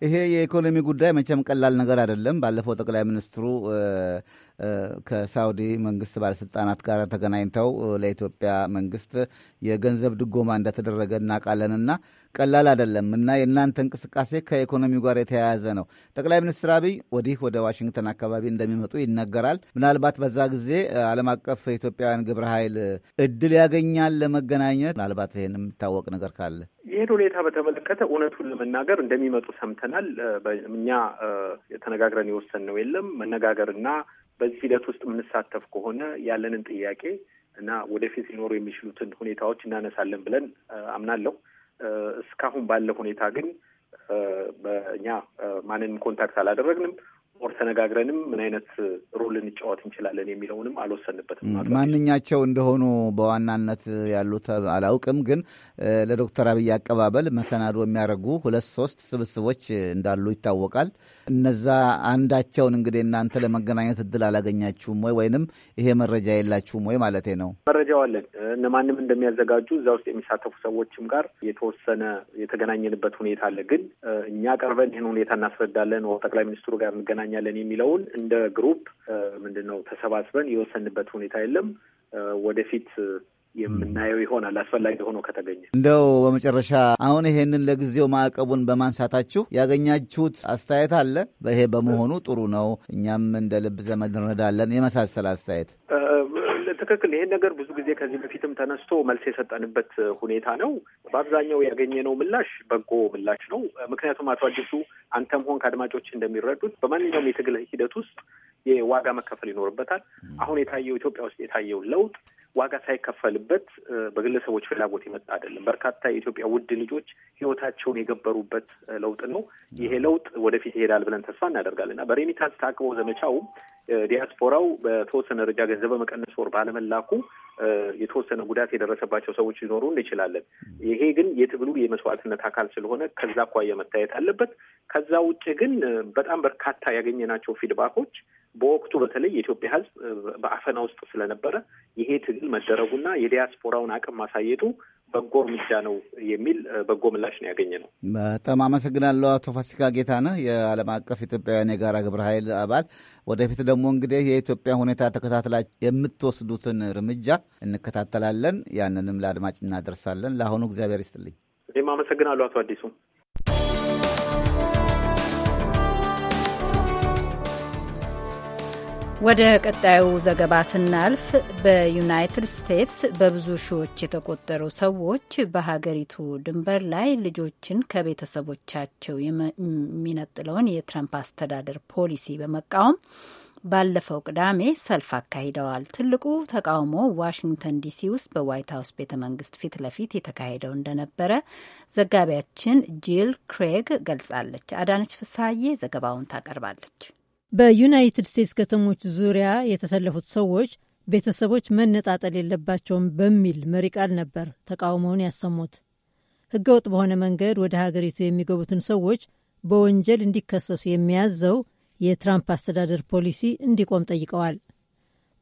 ይሄ የኢኮኖሚ ጉዳይ መቼም ቀላል ነገር አይደለም። ባለፈው ጠቅላይ ሚኒስትሩ ከሳውዲ መንግስት ባለስልጣናት ጋር ተገናኝተው ለኢትዮጵያ መንግስት የገንዘብ ድጎማ እንደተደረገ እናውቃለንና ቀላል አይደለም እና የእናንተ እንቅስቃሴ ከኢኮኖሚው ጋር የተያያዘ ነው። ጠቅላይ ሚኒስትር አብይ ወዲህ ወደ ዋሽንግተን አካባቢ እንደሚመጡ ይነገራል። ምናልባት በዛ ጊዜ ዓለም አቀፍ ኢትዮጵያውያን ግብረ ኃይል እድል ያገኛል ለመገናኘት። ምናልባት ይህን የሚታወቅ ነገር ካለ ይህን ሁኔታ በተመለከተ እውነቱን ለመናገር እንደሚመጡ ሰምተናል። እኛ ተነጋግረን ነው የለም። መነጋገርና በዚህ ሂደት ውስጥ የምንሳተፍ ከሆነ ያለንን ጥያቄ እና ወደፊት ሊኖሩ የሚችሉትን ሁኔታዎች እናነሳለን ብለን አምናለሁ። እስካሁን ባለ ሁኔታ ግን እኛ ማንንም ኮንታክት አላደረግንም። ኦር ተነጋግረንም ምን አይነት ሮል ልንጫወት እንችላለን የሚለውንም አልወሰንበትም። ማንኛቸው እንደሆኑ በዋናነት ያሉት አላውቅም፣ ግን ለዶክተር አብይ አቀባበል መሰናዶ የሚያደርጉ ሁለት ሶስት ስብስቦች እንዳሉ ይታወቃል። እነዛ አንዳቸውን እንግዲህ እናንተ ለመገናኘት እድል አላገኛችሁም ወይ ወይንም ይሄ መረጃ የላችሁም ወይ ማለቴ ነው? መረጃው አለን። እነማንም እንደሚያዘጋጁ እዛ ውስጥ የሚሳተፉ ሰዎችም ጋር የተወሰነ የተገናኘንበት ሁኔታ አለ። ግን እኛ ቀርበን ይህን ሁኔታ እናስረዳለን ጠቅላይ ሚኒስትሩ ጋር እንገናኝ እንገናኛለን የሚለውን እንደ ግሩፕ ምንድን ነው ተሰባስበን የወሰንበት ሁኔታ የለም። ወደፊት የምናየው ይሆናል አስፈላጊ ሆኖ ከተገኘ። እንደው በመጨረሻ አሁን ይሄንን ለጊዜው ማዕቀቡን በማንሳታችሁ ያገኛችሁት አስተያየት አለ? ይሄ በመሆኑ ጥሩ ነው፣ እኛም እንደ ልብ ዘመድ እንረዳለን የመሳሰል አስተያየት ትክክል። ይሄን ነገር ብዙ ጊዜ ከዚህ በፊትም ተነስቶ መልስ የሰጠንበት ሁኔታ ነው። በአብዛኛው ያገኘነው ምላሽ በጎ ምላሽ ነው። ምክንያቱም አቶ አዲሱ አንተም ሆን ከአድማጮች እንደሚረዱት በማንኛውም የትግል ሂደት ውስጥ የዋጋ መከፈል ይኖርበታል። አሁን የታየው ኢትዮጵያ ውስጥ የታየው ለውጥ ዋጋ ሳይከፈልበት በግለሰቦች ፍላጎት የመጣ አይደለም። በርካታ የኢትዮጵያ ውድ ልጆች ህይወታቸውን የገበሩበት ለውጥ ነው። ይሄ ለውጥ ወደፊት ይሄዳል ብለን ተስፋ እናደርጋለን እና በሬሚታንስ ታቅቦ ዘመቻውም ዲያስፖራው በተወሰነ ደረጃ ገንዘብ በመቀነስ ወር ባለመላኩ የተወሰነ ጉዳት የደረሰባቸው ሰዎች ሊኖሩ እንችላለን። ይሄ ግን የትግሉ የመስዋዕትነት አካል ስለሆነ ከዛ አኳያ መታየት አለበት። ከዛ ውጭ ግን በጣም በርካታ ያገኘናቸው ፊድባኮች በወቅቱ በተለይ የኢትዮጵያ ሕዝብ በአፈና ውስጥ ስለነበረ ይሄ ትግል መደረጉና የዲያስፖራውን አቅም ማሳየቱ በጎ እርምጃ ነው የሚል በጎ ምላሽ ነው ያገኘ ነው። በጣም አመሰግናለሁ አቶ ፋሲካ ጌታነህ፣ የዓለም አቀፍ ኢትዮጵያውያን የጋራ ግብረ ኃይል አባል። ወደፊት ደግሞ እንግዲህ የኢትዮጵያ ሁኔታ ተከታትላ የምትወስዱትን እርምጃ እንከታተላለን። ያንንም ለአድማጭ እናደርሳለን። ለአሁኑ እግዚአብሔር ይስጥልኝ። እኔም አመሰግናለሁ አቶ አዲሱ። ወደ ቀጣዩ ዘገባ ስናልፍ በዩናይትድ ስቴትስ በብዙ ሺዎች የተቆጠሩ ሰዎች በሀገሪቱ ድንበር ላይ ልጆችን ከቤተሰቦቻቸው የሚነጥለውን የትራምፕ አስተዳደር ፖሊሲ በመቃወም ባለፈው ቅዳሜ ሰልፍ አካሂደዋል። ትልቁ ተቃውሞ ዋሽንግተን ዲሲ ውስጥ በዋይት ሀውስ ቤተ መንግስት ፊት ለፊት የተካሄደው እንደነበረ ዘጋቢያችን ጂል ክሬግ ገልጻለች። አዳነች ፍሳዬ ዘገባውን ታቀርባለች። በዩናይትድ ስቴትስ ከተሞች ዙሪያ የተሰለፉት ሰዎች ቤተሰቦች መነጣጠል የለባቸውም በሚል መሪ ቃል ነበር ተቃውሞውን ያሰሙት። ሕገወጥ በሆነ መንገድ ወደ ሀገሪቱ የሚገቡትን ሰዎች በወንጀል እንዲከሰሱ የሚያዘው የትራምፕ አስተዳደር ፖሊሲ እንዲቆም ጠይቀዋል።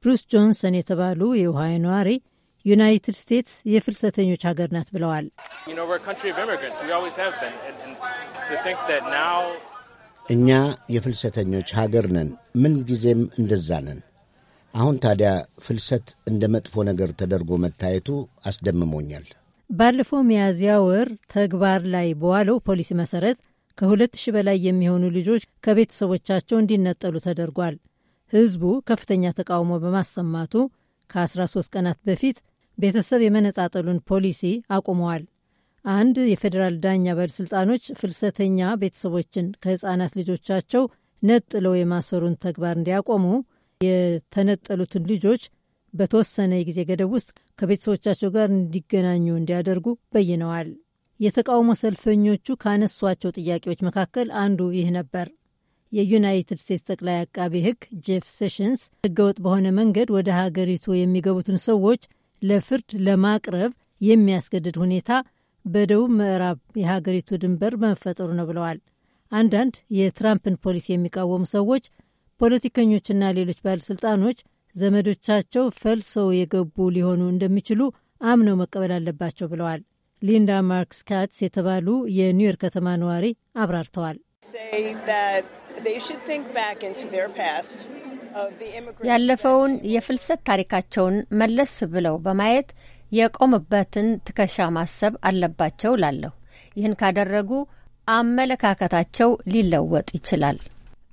ብሩስ ጆንሰን የተባሉ የውሃ ነዋሪ ዩናይትድ ስቴትስ የፍልሰተኞች ሀገር ናት ብለዋል። እኛ የፍልሰተኞች ሀገር ነን፣ ምንጊዜም እንደዛ ነን። አሁን ታዲያ ፍልሰት እንደ መጥፎ ነገር ተደርጎ መታየቱ አስደምሞኛል። ባለፈው ሚያዝያ ወር ተግባር ላይ በዋለው ፖሊሲ መሰረት ከሁለት ሺህ በላይ የሚሆኑ ልጆች ከቤተሰቦቻቸው እንዲነጠሉ ተደርጓል። ሕዝቡ ከፍተኛ ተቃውሞ በማሰማቱ ከ13 ቀናት በፊት ቤተሰብ የመነጣጠሉን ፖሊሲ አቁመዋል። አንድ የፌዴራል ዳኛ ባለሥልጣኖች ፍልሰተኛ ቤተሰቦችን ከሕፃናት ልጆቻቸው ነጥለው የማሰሩን ተግባር እንዲያቆሙ፣ የተነጠሉትን ልጆች በተወሰነ የጊዜ ገደብ ውስጥ ከቤተሰቦቻቸው ጋር እንዲገናኙ እንዲያደርጉ በይነዋል። የተቃውሞ ሰልፈኞቹ ካነሷቸው ጥያቄዎች መካከል አንዱ ይህ ነበር። የዩናይትድ ስቴትስ ጠቅላይ አቃቢ ሕግ ጄፍ ሴሽንስ ሕገወጥ በሆነ መንገድ ወደ ሀገሪቱ የሚገቡትን ሰዎች ለፍርድ ለማቅረብ የሚያስገድድ ሁኔታ በደቡብ ምዕራብ የሀገሪቱ ድንበር በመፈጠሩ ነው ብለዋል። አንዳንድ የትራምፕን ፖሊሲ የሚቃወሙ ሰዎች ፖለቲከኞችና ሌሎች ባለሥልጣኖች ዘመዶቻቸው ፈልሰው የገቡ ሊሆኑ እንደሚችሉ አምነው መቀበል አለባቸው ብለዋል። ሊንዳ ማርክስ ካትስ የተባሉ የኒውዮርክ ከተማ ነዋሪ አብራርተዋል። ያለፈውን የፍልሰት ታሪካቸውን መለስ ብለው በማየት የቆምበትን ትከሻ ማሰብ አለባቸው ላለሁ። ይህን ካደረጉ አመለካከታቸው ሊለወጥ ይችላል።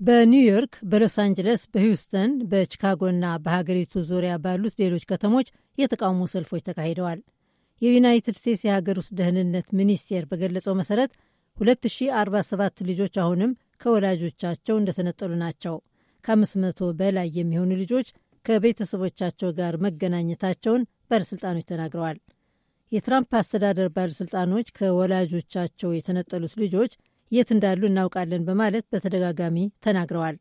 በኒውዮርክ፣ በሎስ አንጅለስ፣ በሂውስተን፣ በቺካጎና በሀገሪቱ ዙሪያ ባሉት ሌሎች ከተሞች የተቃውሞ ሰልፎች ተካሂደዋል። የዩናይትድ ስቴትስ የሀገር ውስጥ ደህንነት ሚኒስቴር በገለጸው መሰረት 2047 ልጆች አሁንም ከወላጆቻቸው እንደተነጠሉ ናቸው። ከ500 በላይ የሚሆኑ ልጆች ከቤተሰቦቻቸው ጋር መገናኘታቸውን ባለሥልጣኖች ተናግረዋል። የትራምፕ አስተዳደር ባለሥልጣኖች ከወላጆቻቸው የተነጠሉት ልጆች የት እንዳሉ እናውቃለን በማለት በተደጋጋሚ ተናግረዋል።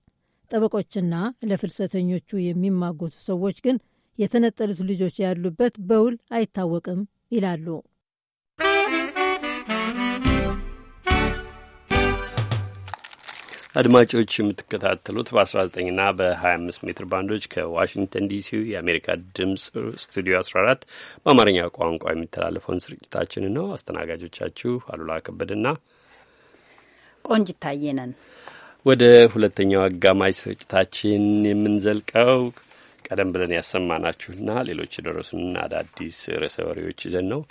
ጠበቆችና ለፍልሰተኞቹ የሚማጎቱ ሰዎች ግን የተነጠሉት ልጆች ያሉበት በውል አይታወቅም ይላሉ። አድማጮች የምትከታተሉት በ19ና በ25 ሜትር ባንዶች ከዋሽንግተን ዲሲ የአሜሪካ ድምፅ ስቱዲዮ 14 በአማርኛ ቋንቋ የሚተላለፈውን ስርጭታችንን ነው። አስተናጋጆቻችሁ አሉላ ከበድና ቆንጅት ታየ ነን። ወደ ሁለተኛው አጋማሽ ስርጭታችን የምንዘልቀው ቀደም ብለን ያሰማናችሁና ሌሎች የደረሱን አዳዲስ ርዕሰ ወሬዎች ይዘን ነው።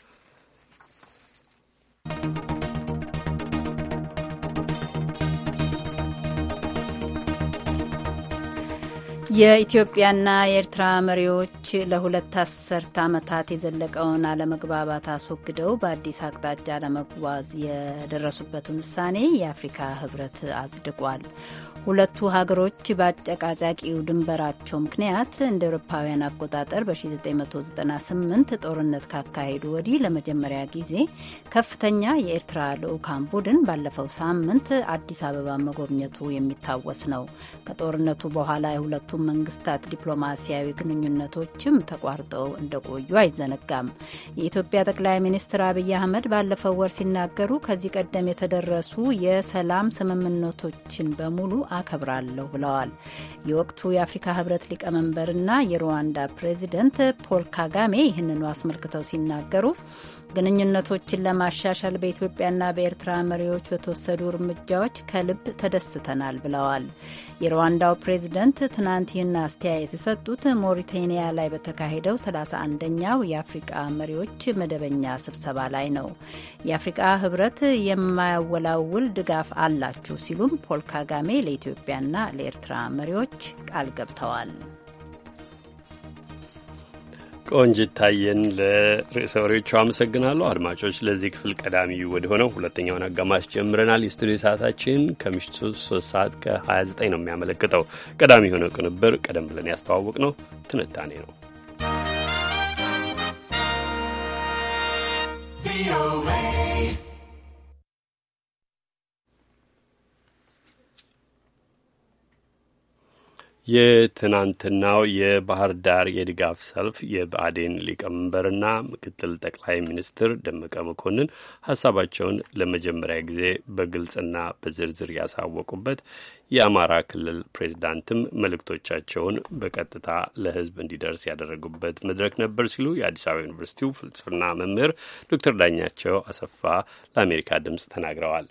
የኢትዮጵያና የኤርትራ መሪዎች ለሁለት አስርት ዓመታት የዘለቀውን አለመግባባት አስወግደው በአዲስ አቅጣጫ ለመጓዝ የደረሱበትን ውሳኔ የአፍሪካ ሕብረት አጽድቋል። ሁለቱ ሀገሮች በአጨቃጫቂው ድንበራቸው ምክንያት እንደ አውሮፓውያን አቆጣጠር በ1998 ጦርነት ካካሄዱ ወዲህ ለመጀመሪያ ጊዜ ከፍተኛ የኤርትራ ልዑካን ቡድን ባለፈው ሳምንት አዲስ አበባ መጎብኘቱ የሚታወስ ነው። ከጦርነቱ በኋላ የሁለቱም መንግስታት ዲፕሎማሲያዊ ግንኙነቶችም ተቋርጠው እንደቆዩ አይዘነጋም። የኢትዮጵያ ጠቅላይ ሚኒስትር አብይ አህመድ ባለፈው ወር ሲናገሩ ከዚህ ቀደም የተደረሱ የሰላም ስምምነቶችን በሙሉ አከብራለሁ ብለዋል። የወቅቱ የአፍሪካ ህብረት ሊቀመንበርና የሩዋንዳ ፕሬዚደንት ፖል ካጋሜ ይህንኑ አስመልክተው ሲናገሩ ግንኙነቶችን ለማሻሻል በኢትዮጵያና በኤርትራ መሪዎች በተወሰዱ እርምጃዎች ከልብ ተደስተናል ብለዋል። የሩዋንዳው ፕሬዝደንት ትናንት ይህን አስተያየት የሰጡት ሞሪቴኒያ ላይ በተካሄደው 31ኛው የአፍሪቃ መሪዎች መደበኛ ስብሰባ ላይ ነው። የአፍሪቃ ህብረት የማያወላውል ድጋፍ አላችሁ ሲሉም ፖል ካጋሜ ለኢትዮጵያና ለኤርትራ መሪዎች ቃል ገብተዋል። ቆንጅ ታየን ለርዕሰ ወሬዎቹ አመሰግናለሁ። አድማጮች ለዚህ ክፍል ቀዳሚ ወደ ሆነው ሁለተኛውን አጋማሽ ጀምረናል። የስቱዲዮ ሰዓታችን ከምሽቱ ሶስት ሰዓት ከ29 ነው የሚያመለክተው። ቀዳሚ የሆነው ቅንብር ቀደም ብለን ያስተዋወቅ ነው ትንታኔ ነው። ቪኦኤ የትናንትናው የባህር ዳር የድጋፍ ሰልፍ የብአዴን ሊቀመንበርና ምክትል ጠቅላይ ሚኒስትር ደመቀ መኮንን ሀሳባቸውን ለመጀመሪያ ጊዜ በግልጽና በዝርዝር ያሳወቁበት፣ የአማራ ክልል ፕሬዚዳንትም መልእክቶቻቸውን በቀጥታ ለሕዝብ እንዲደርስ ያደረጉበት መድረክ ነበር ሲሉ የአዲስ አበባ ዩኒቨርሲቲው ፍልስፍና መምህር ዶክተር ዳኛቸው አሰፋ ለአሜሪካ ድምፅ ተናግረዋል።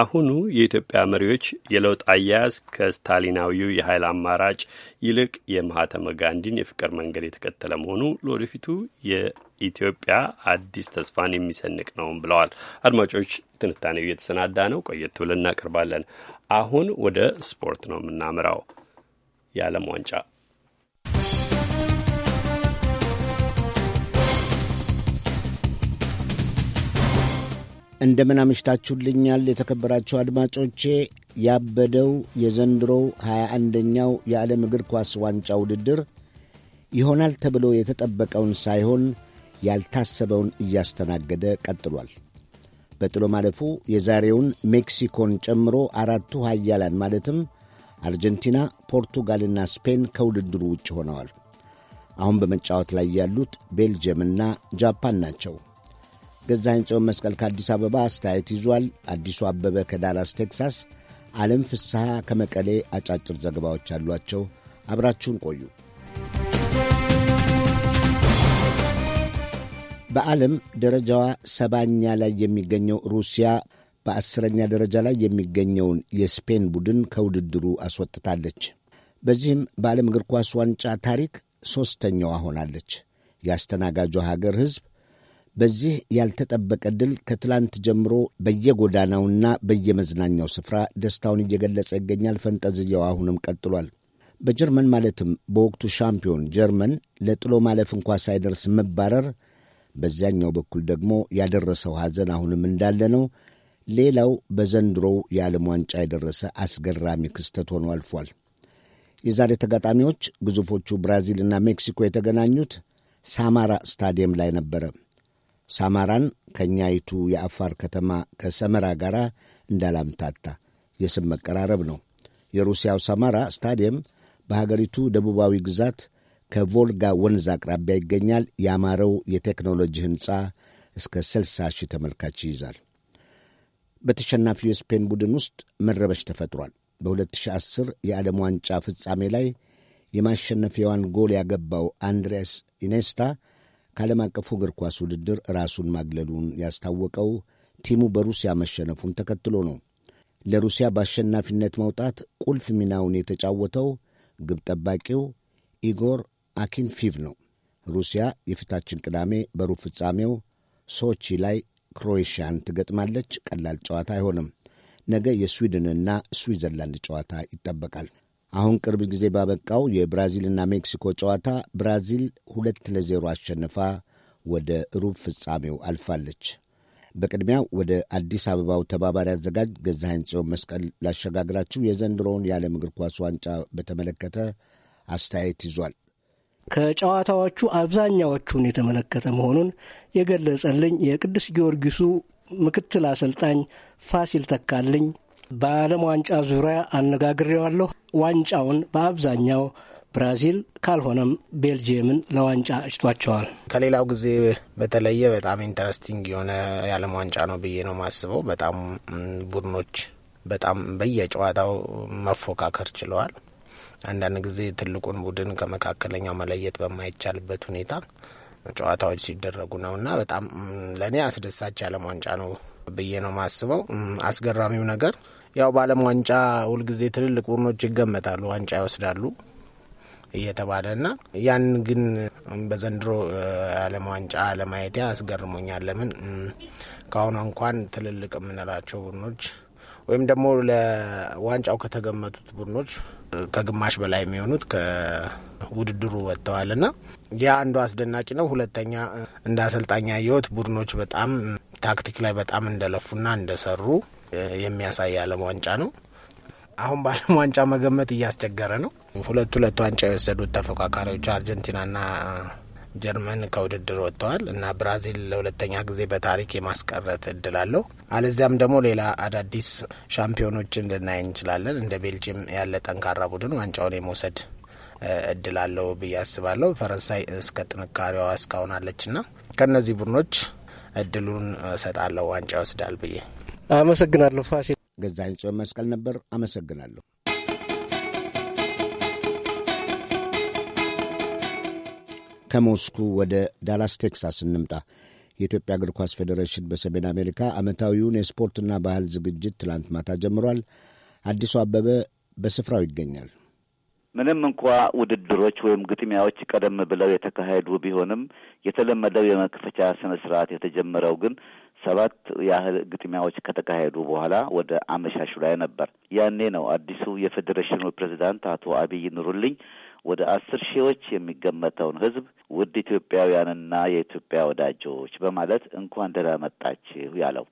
አሁኑ የኢትዮጵያ መሪዎች የለውጥ አያያዝ ከስታሊናዊው የኃይል አማራጭ ይልቅ የማህተመ ጋንዲን የፍቅር መንገድ የተከተለ መሆኑ ለወደፊቱ የኢትዮጵያ አዲስ ተስፋን የሚሰንቅ ነውም ብለዋል። አድማጮች፣ ትንታኔው እየተሰናዳ ነው፣ ቆየት ብለን እናቀርባለን። አሁን ወደ ስፖርት ነው የምናምራው። የዓለም ዋንጫ እንደምን አምሽታችሁልኛል የተከበራችሁ አድማጮቼ። ያበደው የዘንድሮው 21ኛው የዓለም እግር ኳስ ዋንጫ ውድድር ይሆናል ተብሎ የተጠበቀውን ሳይሆን ያልታሰበውን እያስተናገደ ቀጥሏል። በጥሎ ማለፉ የዛሬውን ሜክሲኮን ጨምሮ አራቱ ኃያላን ማለትም አርጀንቲና፣ ፖርቱጋልና ስፔን ከውድድሩ ውጭ ሆነዋል። አሁን በመጫወት ላይ ያሉት ቤልጅየምና ጃፓን ናቸው። ገዛኝ ጽዮን መስቀል ከአዲስ አበባ አስተያየት ይዟል። አዲሱ አበበ ከዳላስ ቴክሳስ፣ ዓለም ፍስሐ ከመቀሌ አጫጭር ዘገባዎች አሏቸው። አብራችሁን ቆዩ። በዓለም ደረጃዋ ሰባኛ ላይ የሚገኘው ሩሲያ በአስረኛ ደረጃ ላይ የሚገኘውን የስፔን ቡድን ከውድድሩ አስወጥታለች። በዚህም በዓለም እግር ኳስ ዋንጫ ታሪክ ሦስተኛዋ ሆናለች። የአስተናጋጇ ሀገር ሕዝብ በዚህ ያልተጠበቀ ድል ከትላንት ጀምሮ በየጎዳናውና በየመዝናኛው ስፍራ ደስታውን እየገለጸ ይገኛል። ፈንጠዝያው አሁንም ቀጥሏል። በጀርመን ማለትም በወቅቱ ሻምፒዮን ጀርመን ለጥሎ ማለፍ እንኳ ሳይደርስ መባረር፣ በዚያኛው በኩል ደግሞ ያደረሰው ሐዘን አሁንም እንዳለ ነው። ሌላው በዘንድሮው የዓለም ዋንጫ የደረሰ አስገራሚ ክስተት ሆኖ አልፏል። የዛሬ ተጋጣሚዎች ግዙፎቹ ብራዚልና ሜክሲኮ የተገናኙት ሳማራ ስታዲየም ላይ ነበረ። ሳማራን ከእኛይቱ የአፋር ከተማ ከሰመራ ጋር እንዳላምታታ የስም መቀራረብ ነው። የሩሲያው ሳማራ ስታዲየም በሀገሪቱ ደቡባዊ ግዛት ከቮልጋ ወንዝ አቅራቢያ ይገኛል። ያማረው የቴክኖሎጂ ሕንፃ እስከ 60 ሺህ ተመልካች ይይዛል። በተሸናፊው የስፔን ቡድን ውስጥ መረበሽ ተፈጥሯል። በ2010 የዓለም ዋንጫ ፍጻሜ ላይ የማሸነፊያዋን ጎል ያገባው አንድሬያስ ኢኔስታ ከዓለም አቀፉ እግር ኳስ ውድድር ራሱን ማግለሉን ያስታወቀው ቲሙ በሩሲያ መሸነፉን ተከትሎ ነው። ለሩሲያ በአሸናፊነት መውጣት ቁልፍ ሚናውን የተጫወተው ግብ ጠባቂው ኢጎር አኪንፊቭ ነው። ሩሲያ የፊታችን ቅዳሜ በሩብ ፍጻሜው ሶቺ ላይ ክሮኤሽያን ትገጥማለች። ቀላል ጨዋታ አይሆንም። ነገ የስዊድንና ስዊዘርላንድ ጨዋታ ይጠበቃል። አሁን ቅርብ ጊዜ ባበቃው የብራዚልና ሜክሲኮ ጨዋታ ብራዚል ሁለት ለዜሮ አሸንፋ ወደ ሩብ ፍጻሜው አልፋለች። በቅድሚያ ወደ አዲስ አበባው ተባባሪ አዘጋጅ ገዛኸኝ ጽዮን መስቀል ላሸጋግራችሁ። የዘንድሮውን የዓለም እግር ኳስ ዋንጫ በተመለከተ አስተያየት ይዟል። ከጨዋታዎቹ አብዛኛዎቹን የተመለከተ መሆኑን የገለጸልኝ የቅዱስ ጊዮርጊሱ ምክትል አሰልጣኝ ፋሲል ተካልኝ በዓለም ዋንጫ ዙሪያ አነጋግሬዋለሁ። ዋንጫውን በአብዛኛው ብራዚል ካልሆነም ቤልጅየምን ለዋንጫ እጭቷቸዋል። ከሌላው ጊዜ በተለየ በጣም ኢንተረስቲንግ የሆነ የዓለም ዋንጫ ነው ብዬ ነው የማስበው። በጣም ቡድኖች በጣም በየጨዋታው መፎካከር ችለዋል። አንዳንድ ጊዜ ትልቁን ቡድን ከመካከለኛው መለየት በማይቻልበት ሁኔታ ጨዋታዎች ሲደረጉ ነው እና በጣም ለእኔ አስደሳች የዓለም ዋንጫ ነው ብዬ ነው የማስበው። አስገራሚው ነገር ያው በዓለም ዋንጫ ሁልጊዜ ትልልቅ ቡድኖች ይገመታሉ፣ ዋንጫ ይወስዳሉ እየተባለ ና ያን ግን በዘንድሮ አለም ዋንጫ አለማየት አስገርሞኛል። ለምን ከአሁኑ እንኳን ትልልቅ የምንላቸው ቡድኖች ወይም ደግሞ ለዋንጫው ከተገመቱት ቡድኖች ከግማሽ በላይ የሚሆኑት ከውድድሩ ወጥተዋል ና ያ አንዱ አስደናቂ ነው። ሁለተኛ እንደ አሰልጣኝ ያየሁት ቡድኖች በጣም ታክቲክ ላይ በጣም እንደለፉና እንደሰሩ የሚያሳይ ዓለም ዋንጫ ነው። አሁን በዓለም ዋንጫ መገመት እያስቸገረ ነው። ሁለት ሁለት ዋንጫ የወሰዱት ተፎካካሪዎች አርጀንቲናና ጀርመን ከውድድር ወጥተዋል እና ብራዚል ለሁለተኛ ጊዜ በታሪክ የማስቀረት እድል አለው። አለዚያም ደግሞ ሌላ አዳዲስ ሻምፒዮኖችን ልናይ እንችላለን። እንደ ቤልጅየም ያለ ጠንካራ ቡድን ዋንጫውን የመውሰድ እድል አለው ብዬ አስባለሁ። ፈረንሳይ እስከ ጥንካሬዋ እስካሁን አለችና ከእነዚህ ቡድኖች እድሉን እሰጣለሁ ዋንጫ ይወስዳል ብዬ አመሰግናለሁ ፋሲል። ገዛኝ ጽዮን መስቀል ነበር። አመሰግናለሁ። ከሞስኩ ወደ ዳላስ ቴክሳስ እንምጣ። የኢትዮጵያ እግር ኳስ ፌዴሬሽን በሰሜን አሜሪካ ዓመታዊውን የስፖርትና ባህል ዝግጅት ትላንት ማታ ጀምሯል። አዲሱ አበበ በስፍራው ይገኛል። ምንም እንኳ ውድድሮች ወይም ግጥሚያዎች ቀደም ብለው የተካሄዱ ቢሆንም የተለመደው የመክፈቻ ስነ ስርዓት የተጀመረው ግን ሰባት ያህል ግጥሚያዎች ከተካሄዱ በኋላ ወደ አመሻሹ ላይ ነበር። ያኔ ነው አዲሱ የፌዴሬሽኑ ፕሬዚዳንት አቶ አብይ ኑሩልኝ ወደ አስር ሺዎች የሚገመተውን ህዝብ ውድ ኢትዮጵያውያንና የኢትዮጵያ ወዳጆች በማለት እንኳን ደህና መጣችሁ ያለው።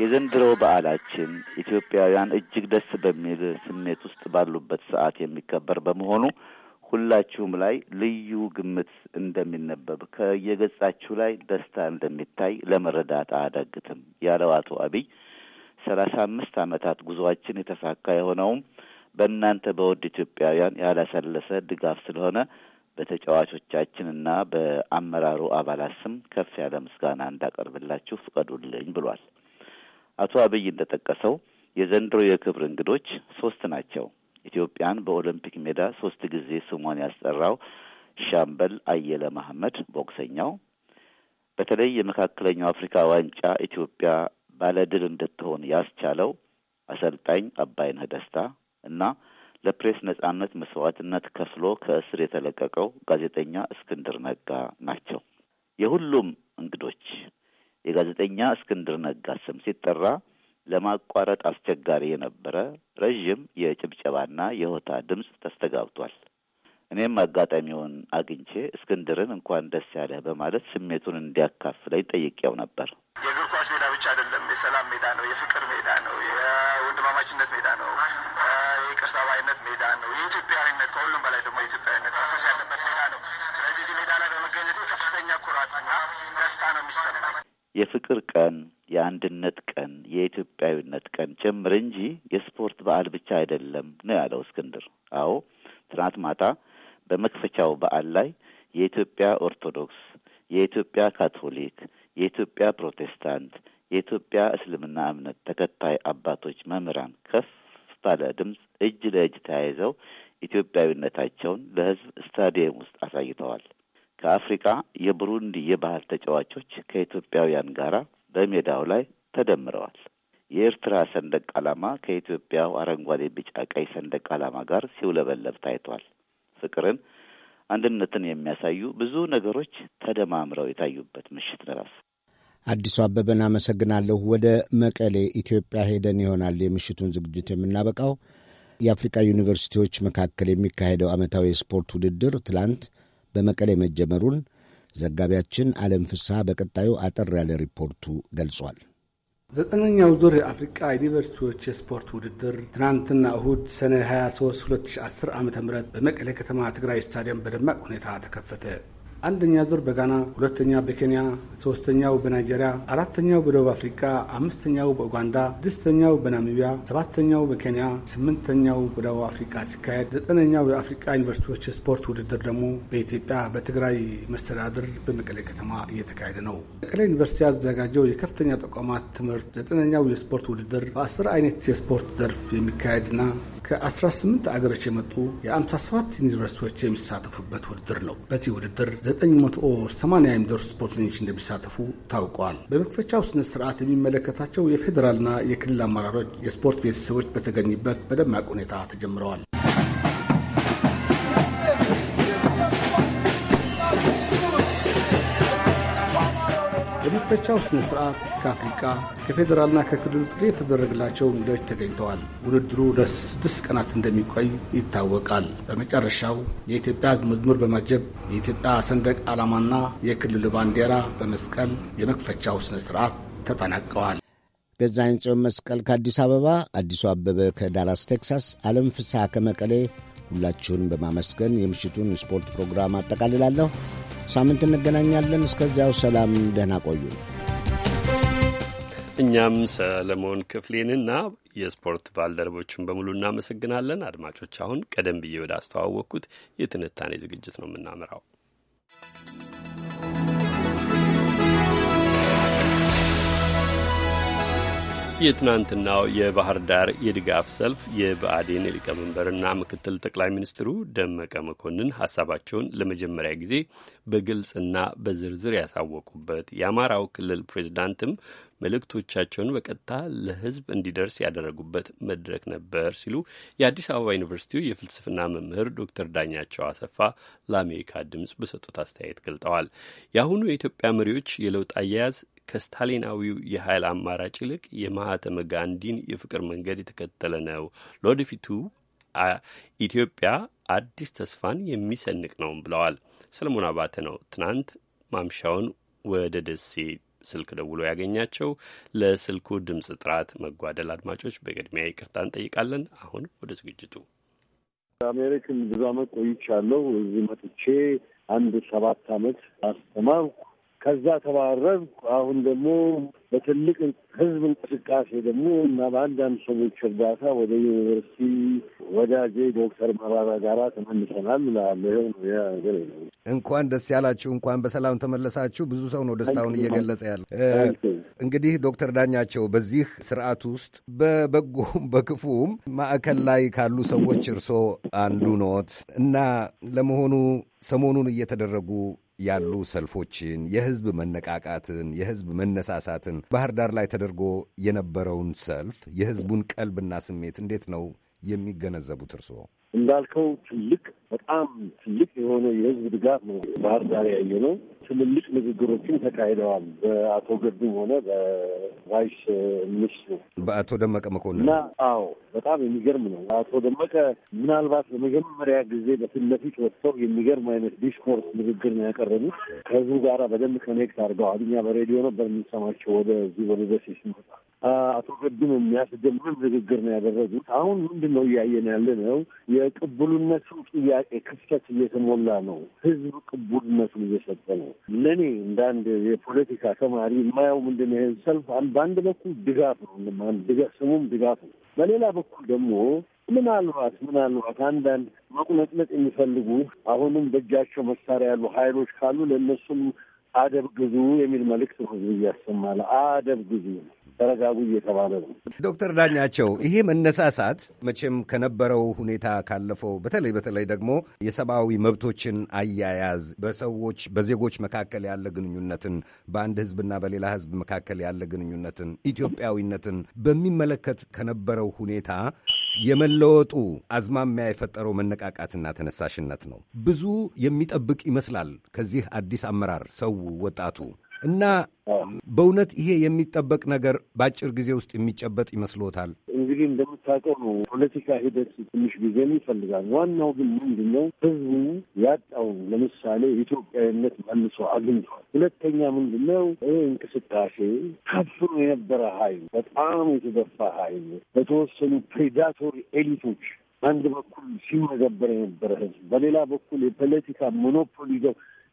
የዘንድሮ በዓላችን ኢትዮጵያውያን እጅግ ደስ በሚል ስሜት ውስጥ ባሉበት ሰዓት የሚከበር በመሆኑ ሁላችሁም ላይ ልዩ ግምት እንደሚነበብ ከየገጻችሁ ላይ ደስታ እንደሚታይ ለመረዳት አያዳግትም ያለው አቶ አብይ ሰላሳ አምስት አመታት ጉዞአችን የተሳካ የሆነውም በእናንተ በውድ ኢትዮጵያውያን ያላሰለሰ ድጋፍ ስለሆነ በተጫዋቾቻችንና በአመራሩ አባላት ስም ከፍ ያለ ምስጋና እንዳቀርብላችሁ ፍቀዱልኝ ብሏል። አቶ አብይ እንደጠቀሰው የዘንድሮ የክብር እንግዶች ሶስት ናቸው። ኢትዮጵያን በኦሎምፒክ ሜዳ ሶስት ጊዜ ስሟን ያስጠራው ሻምበል አየለ መሐመድ ቦክሰኛው በተለይ የመካከለኛው አፍሪካ ዋንጫ ኢትዮጵያ ባለድል እንድትሆን ያስቻለው አሰልጣኝ አባይነህ ደስታ እና ለፕሬስ ነጻነት መስዋዕትነት ከፍሎ ከእስር የተለቀቀው ጋዜጠኛ እስክንድር ነጋ ናቸው። የሁሉም እንግዶች የጋዜጠኛ እስክንድር ነጋ ስም ሲጠራ ለማቋረጥ አስቸጋሪ የነበረ ረዥም የጭብጨባና የሆታ ድምፅ ተስተጋብቷል። እኔም አጋጣሚውን አግኝቼ እስክንድርን እንኳን ደስ ያለህ በማለት ስሜቱን እንዲያካፍለኝ ጠይቄው ነበር። የእግር ኳስ ሜዳ ብቻ አይደለም፣ የሰላም ሜዳ ነው፣ የፍቅር ሜዳ ነው፣ የወንድማማችነት ሜዳ ነው፣ የይቅርታ ባይነት ሜዳ ነው፣ የኢትዮጵያዊነት ከሁሉም በላይ ደግሞ የኢትዮጵያዊነት መንፈስ ያለበት ሜዳ ነው። ስለዚህ እዚህ ሜዳ ላይ በመገኘት ከፍተኛ ኩራትና ደስታ ነው የሚሰማ የፍቅር ቀን የአንድነት ቀን የኢትዮጵያዊነት ቀን ጭምር እንጂ የስፖርት በዓል ብቻ አይደለም ነው ያለው እስክንድር። አዎ ትናንት ማታ በመክፈቻው በዓል ላይ የኢትዮጵያ ኦርቶዶክስ፣ የኢትዮጵያ ካቶሊክ፣ የኢትዮጵያ ፕሮቴስታንት፣ የኢትዮጵያ እስልምና እምነት ተከታይ አባቶች፣ መምህራን ከፍ ባለ ድምፅ እጅ ለእጅ ተያይዘው ኢትዮጵያዊነታቸውን ለሕዝብ ስታዲየም ውስጥ አሳይተዋል። ከአፍሪካ የቡሩንዲ የባህል ተጫዋቾች ከኢትዮጵያውያን ጋራ በሜዳው ላይ ተደምረዋል። የኤርትራ ሰንደቅ ዓላማ ከኢትዮጵያው አረንጓዴ፣ ቢጫ፣ ቀይ ሰንደቅ ዓላማ ጋር ሲውለበለብ ታይቷል። ፍቅርን፣ አንድነትን የሚያሳዩ ብዙ ነገሮች ተደማምረው የታዩበት ምሽት ነበር። አዲሱ አበበን አመሰግናለሁ። ወደ መቀሌ ኢትዮጵያ ሄደን ይሆናል የምሽቱን ዝግጅት የምናበቃው። የአፍሪካ ዩኒቨርሲቲዎች መካከል የሚካሄደው ዓመታዊ የስፖርት ውድድር ትላንት በመቀሌ መጀመሩን ዘጋቢያችን ዓለም ፍስሐ በቀጣዩ አጠር ያለ ሪፖርቱ ገልጿል። ዘጠነኛው ዙር የአፍሪቃ ዩኒቨርሲቲዎች የስፖርት ውድድር ትናንትና እሁድ ሰኔ 23 2010 ዓ ም በመቀሌ ከተማ ትግራይ ስታዲየም በደማቅ ሁኔታ ተከፈተ። አንደኛ ዙር በጋና፣ ሁለተኛ በኬንያ፣ ሶስተኛው በናይጄሪያ፣ አራተኛው በደቡብ አፍሪካ፣ አምስተኛው በኡጋንዳ፣ ስድስተኛው በናሚቢያ፣ ሰባተኛው በኬንያ፣ ስምንተኛው በደቡብ አፍሪካ ሲካሄድ ዘጠነኛው የአፍሪካ ዩኒቨርሲቲዎች ስፖርት ውድድር ደግሞ በኢትዮጵያ በትግራይ መስተዳድር በመቀሌ ከተማ እየተካሄደ ነው። መቀሌ ዩኒቨርሲቲ ያዘጋጀው የከፍተኛ ተቋማት ትምህርት ዘጠነኛው የስፖርት ውድድር በአስር አይነት የስፖርት ዘርፍ የሚካሄድና ከ18 አገሮች የመጡ የ57 ዩኒቨርሲቲዎች የሚሳተፉበት ውድድር ነው። በዚህ ውድድር 980 የሚደርሱ ስፖርተኞች እንደሚሳተፉ ታውቋል። በመክፈቻው ስነ ስርዓት የሚመለከታቸው የፌዴራልና የክልል አመራሮች፣ የስፖርት ቤተሰቦች በተገኙበት በደማቅ ሁኔታ ተጀምረዋል። በመክፈቻው ሥነ ሥርዓት ከአፍሪቃ ከፌዴራልና ከክልል ጥሪ የተደረገላቸው እንግዳዎች ተገኝተዋል። ውድድሩ ለስድስት ቀናት እንደሚቆይ ይታወቃል። በመጨረሻው የኢትዮጵያ መዝሙር በማጀብ የኢትዮጵያ ሰንደቅ ዓላማና የክልል ባንዲራ በመስቀል የመክፈቻው ሥነ ሥርዓት ተጠናቀዋል። ገዛኝ ጽዮን መስቀል ከአዲስ አበባ፣ አዲሱ አበበ ከዳላስ ቴክሳስ፣ ዓለም ፍስሐ ከመቀሌ ሁላችሁን በማመስገን የምሽቱን ስፖርት ፕሮግራም አጠቃልላለሁ። ሳምንት እንገናኛለን። እስከዚያው ሰላም፣ ደህና ቆዩ። እኛም ሰለሞን ክፍሌንና የስፖርት ባልደረቦችን በሙሉ እናመሰግናለን። አድማጮች፣ አሁን ቀደም ብዬ ወደ አስተዋወቅኩት የትንታኔ ዝግጅት ነው የምናመራው። የትናንትናው የባህር ዳር የድጋፍ ሰልፍ የብአዴን ሊቀመንበርና ምክትል ጠቅላይ ሚኒስትሩ ደመቀ መኮንን ሀሳባቸውን ለመጀመሪያ ጊዜ በግልጽና በዝርዝር ያሳወቁበት፣ የአማራው ክልል ፕሬዚዳንትም መልእክቶቻቸውን በቀጥታ ለሕዝብ እንዲደርስ ያደረጉበት መድረክ ነበር ሲሉ የአዲስ አበባ ዩኒቨርሲቲው የፍልስፍና መምህር ዶክተር ዳኛቸው አሰፋ ለአሜሪካ ድምፅ በሰጡት አስተያየት ገልጠዋል። የአሁኑ የኢትዮጵያ መሪዎች የለውጥ አያያዝ ከስታሊናዊው የኃይል አማራጭ ይልቅ የማህተመ ጋንዲን የፍቅር መንገድ የተከተለ ነው። ለወደፊቱ ኢትዮጵያ አዲስ ተስፋን የሚሰንቅ ነው ብለዋል። ሰለሞን አባተ ነው ትናንት ማምሻውን ወደ ደሴ ስልክ ደውሎ ያገኛቸው። ለስልኩ ድምፅ ጥራት መጓደል አድማጮች በቅድሚያ ይቅርታ እንጠይቃለን። አሁን ወደ ዝግጅቱ። አሜሪክን ብዙ አመት ቆይቻለሁ። እዚህ መጥቼ አንድ ሰባት አመት አስተማርኩ። ከዛ ተባረር። አሁን ደግሞ በትልቅ ህዝብ እንቅስቃሴ ደግሞ እና በአንዳንድ ሰዎች እርዳታ ወደ ዩኒቨርሲቲ ወዳጄ ዶክተር መራራ ጋራ ተመልሰናል እላለሁ። ነው እንኳን ደስ ያላችሁ፣ እንኳን በሰላም ተመለሳችሁ። ብዙ ሰው ነው ደስታውን እየገለጸ ያለ። እንግዲህ ዶክተር ዳኛቸው በዚህ ስርዓት ውስጥ በበጎም በክፉም ማዕከል ላይ ካሉ ሰዎች እርሶ አንዱ ኖት እና ለመሆኑ ሰሞኑን እየተደረጉ ያሉ ሰልፎችን፣ የህዝብ መነቃቃትን፣ የህዝብ መነሳሳትን ባህር ዳር ላይ ተደርጎ የነበረውን ሰልፍ የህዝቡን ቀልብና ስሜት እንዴት ነው የሚገነዘቡት እርስዎ? እንዳልከው ትልቅ በጣም ትልቅ የሆነ የህዝብ ድጋፍ ነው ባህር ዳር ያየ ነው። ትልልቅ ንግግሮችን ተካሂደዋል በአቶ ገዱም ሆነ በቫይስ ሚኒስትሩ በአቶ ደመቀ መኮንን እና አዎ፣ በጣም የሚገርም ነው። አቶ ደመቀ ምናልባት ለመጀመሪያ ጊዜ በፊት ለፊት ወጥተው የሚገርም አይነት ዲስኮርስ ንግግር ነው ያቀረቡት። ከህዝቡ ጋር በደንብ ከኔክት አድርገዋል። እኛ በሬዲዮ ነበር የምንሰማቸው ወደዚህ ወደ ደሴ ሲመጣ አቶ ገድም የሚያስደምም ንግግር ነው ያደረጉት። አሁን ምንድን ነው እያየን ያለ ነው? የቅቡልነቱ ጥያቄ ክፍተት እየተሞላ ነው። ህዝብ ቅቡልነቱን እየሰጠ ነው። ለእኔ እንደ አንድ የፖለቲካ ተማሪ የማየው ምንድን ነው ይህን ሰልፍ በአንድ በኩል ድጋፍ ነው፣ ስሙም ድጋፍ ነው። በሌላ በኩል ደግሞ ምናልባት ምናልባት አንዳንድ መቁነጥነጥ የሚፈልጉ አሁንም በእጃቸው መሳሪያ ያሉ ሀይሎች ካሉ ለእነሱም አደብ ግዙ የሚል መልእክት ነው እያሰማለ አደብ ግዙ ነው ተረጋጉ እየተባለ ነው። ዶክተር ዳኛቸው ይሄ መነሳሳት መቼም ከነበረው ሁኔታ ካለፈው በተለይ በተለይ ደግሞ የሰብአዊ መብቶችን አያያዝ በሰዎች በዜጎች መካከል ያለ ግንኙነትን በአንድ ህዝብና በሌላ ህዝብ መካከል ያለ ግንኙነትን ኢትዮጵያዊነትን በሚመለከት ከነበረው ሁኔታ የመለወጡ አዝማሚያ የፈጠረው መነቃቃትና ተነሳሽነት ነው። ብዙ የሚጠብቅ ይመስላል ከዚህ አዲስ አመራር ሰው ወጣቱ እና በእውነት ይሄ የሚጠበቅ ነገር በአጭር ጊዜ ውስጥ የሚጨበጥ ይመስሎታል? እንግዲህ እንደምታውቀው ነው ፖለቲካ ሂደት ትንሽ ጊዜም ይፈልጋል። ዋናው ግን ምንድን ነው ህዝቡ ያጣው ለምሳሌ ኢትዮጵያዊነት መልሶ አግኝቷል። ሁለተኛ ምንድን ነው ይህ እንቅስቃሴ ታፍኖ የነበረ ኃይል በጣም የተገፋ ኃይል በተወሰኑ ፕሬዳቶሪ ኤሊቶች አንድ በኩል ሲመዘበር የነበረ ህዝብ፣ በሌላ በኩል የፖለቲካ ሞኖፖሊ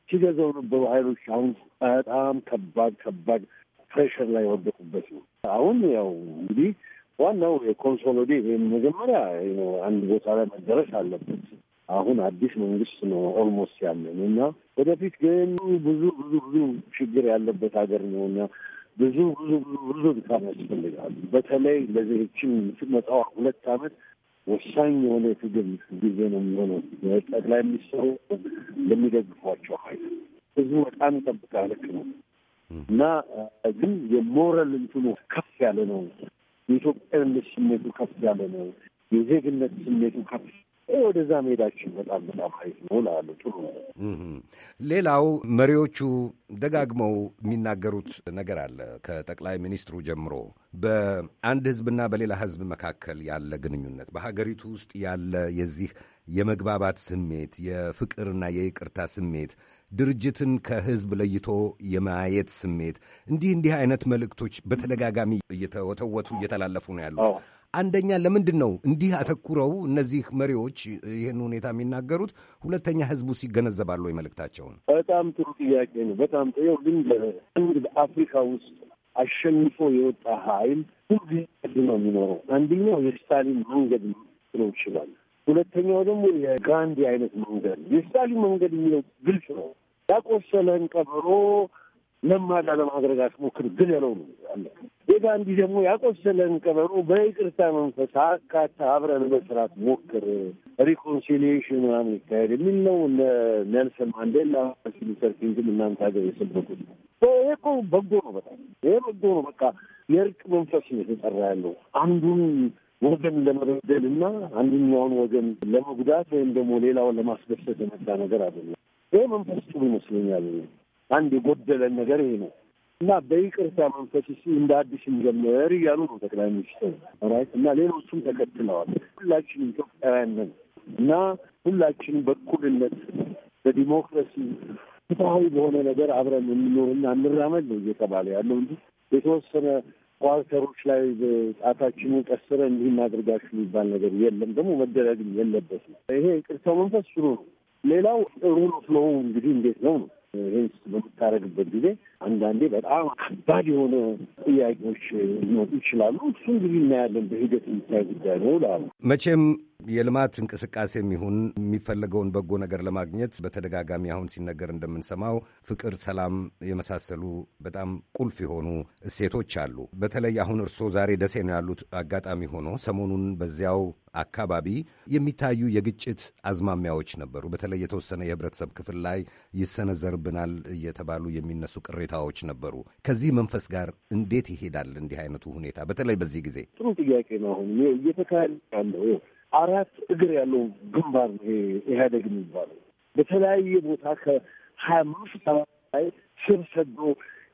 ሲገዛው ነበሩ ኃይሎች አሁን በጣም ከባድ ከባድ ፕሬሽር ላይ የወደቁበት ነው። አሁን ያው እንግዲህ ዋናው የኮንሶሎዴ ወይም መጀመሪያ አንድ ቦታ ላይ መደረስ አለበት። አሁን አዲስ መንግስት ነው ኦልሞስት ያለን እና ወደፊት ግን ብዙ ብዙ ብዙ ችግር ያለበት ሀገር ነው እና ብዙ ብዙ ብዙ ብዙ ድካም ያስፈልጋል። በተለይ ለዚህችን የምትመጣው ሁለት አመት ወሳኝ የሆነ የትግል ጊዜ ነው የሚሆነው። ጠቅላይ ሚኒስትሩ የሚደግፏቸው ሀይል ህዝቡ በጣም ይጠብቃል። ልክ ነው እና ግን የሞረል እንትኑ ከፍ ያለ ነው። የኢትዮጵያዊነት ስሜቱ ከፍ ያለ ነው። የዜግነት ስሜቱ ከፍ ወደዛ መሄዳችን በጣም በጣም ሀይት ነው ላሉ ጥሩ ነው። ሌላው መሪዎቹ ደጋግመው የሚናገሩት ነገር አለ ከጠቅላይ ሚኒስትሩ ጀምሮ በአንድ ህዝብና በሌላ ህዝብ መካከል ያለ ግንኙነት በሀገሪቱ ውስጥ ያለ የዚህ የመግባባት ስሜት የፍቅርና የይቅርታ ስሜት ድርጅትን ከህዝብ ለይቶ የማየት ስሜት እንዲህ እንዲህ አይነት መልእክቶች በተደጋጋሚ እየተወተወቱ እየተላለፉ ነው ያሉት። አንደኛ ለምንድን ነው እንዲህ አተኩረው እነዚህ መሪዎች ይህን ሁኔታ የሚናገሩት? ሁለተኛ ህዝቡ ሲገነዘባሉ ወይ መልእክታቸውን? በጣም ጥሩ ጥያቄ ነው። በጣም ጥሩ ግን አንድ በአፍሪካ ውስጥ አሸንፎ የወጣ ኃይል ሁልጊዜ ነው የሚኖረው። አንደኛው የስታሊን መንገድ ነው ይችላል። ሁለተኛው ደግሞ የጋንዲ አይነት መንገድ። የስታሊን መንገድ የሚለው ግልጽ ነው። ያቆሰለን ቀበሮ ለማዳ ለማድረግ አትሞክር ያለው ነው የጋንዲ ደግሞ ያቆሰለን ቀበሮ በይቅርታ መንፈስ አካታ አብረን መስራት ሞክር፣ ሪኮንሲሊሽን ምናምን ይካሄድ የሚል ነው። ኔልሰን ማንዴላ ማርቲን ሉተር ኪንግም እናንተ ሀገር የሰበኩት ይሄ እኮ በጎ ነው። በጣም ይሄ በጎ ነው። በቃ የእርቅ መንፈስ ነው የተጠራ ያለው አንዱን ወገን ለመበደል እና አንደኛውን ወገን ለመጉዳት ወይም ደግሞ ሌላውን ለማስደሰት የመጣ ነገር አይደለም። ይሄ መንፈስ ጥሩ ይመስለኛል። አንድ የጎደለን ነገር ይሄ ነው። እና በይቅርታ መንፈስ እሱ እንደ አዲስ እንጀምር እያሉ ነው ጠቅላይ ሚኒስትር ራይት እና ሌሎቹም ተከትለዋል። ሁላችን ኢትዮጵያውያን ነን እና ሁላችን በእኩልነት በዲሞክራሲ ፍትሐዊ በሆነ ነገር አብረን የምኖርና እንራመድ ነው እየተባለ ያለው እንጂ የተወሰነ ኳርተሮች ላይ ጣታችንን ቀስረ እንዲህ እናድርጋችሁ የሚባል ነገር የለም። ደግሞ መደረግም የለበትም። ይሄ ይቅርታው መንፈስ ጥሩ ነው። ሌላው ሩል ነው። እንግዲህ እንዴት ነው ነው ይህን በምታደርግበት ጊዜ አንዳንዴ በጣም ከባድ የሆነ ጥያቄዎች ሊኖሩ ይችላሉ። እሱም ጊዜ እናያለን። በሂደት የሚታይ ጉዳይ ነው ላሉ መቼም የልማት እንቅስቃሴ የሚሆን የሚፈለገውን በጎ ነገር ለማግኘት በተደጋጋሚ አሁን ሲነገር እንደምንሰማው ፍቅር፣ ሰላም የመሳሰሉ በጣም ቁልፍ የሆኑ እሴቶች አሉ። በተለይ አሁን እርስዎ ዛሬ ደሴ ነው ያሉት። አጋጣሚ ሆኖ ሰሞኑን በዚያው አካባቢ የሚታዩ የግጭት አዝማሚያዎች ነበሩ። በተለይ የተወሰነ የህብረተሰብ ክፍል ላይ ይሰነዘርብናል እየተባሉ የሚነሱ ቅሬ ሁኔታዎች ነበሩ። ከዚህ መንፈስ ጋር እንዴት ይሄዳል እንዲህ አይነቱ ሁኔታ በተለይ በዚህ ጊዜ? ጥሩ ጥያቄ ነው። አሁን እየተካሄደ ያለው አራት እግር ያለው ግንባር ነው ኢህአዴግ የሚባለው በተለያየ ቦታ ከሀያ አምስት ላይ ስር ሰዶ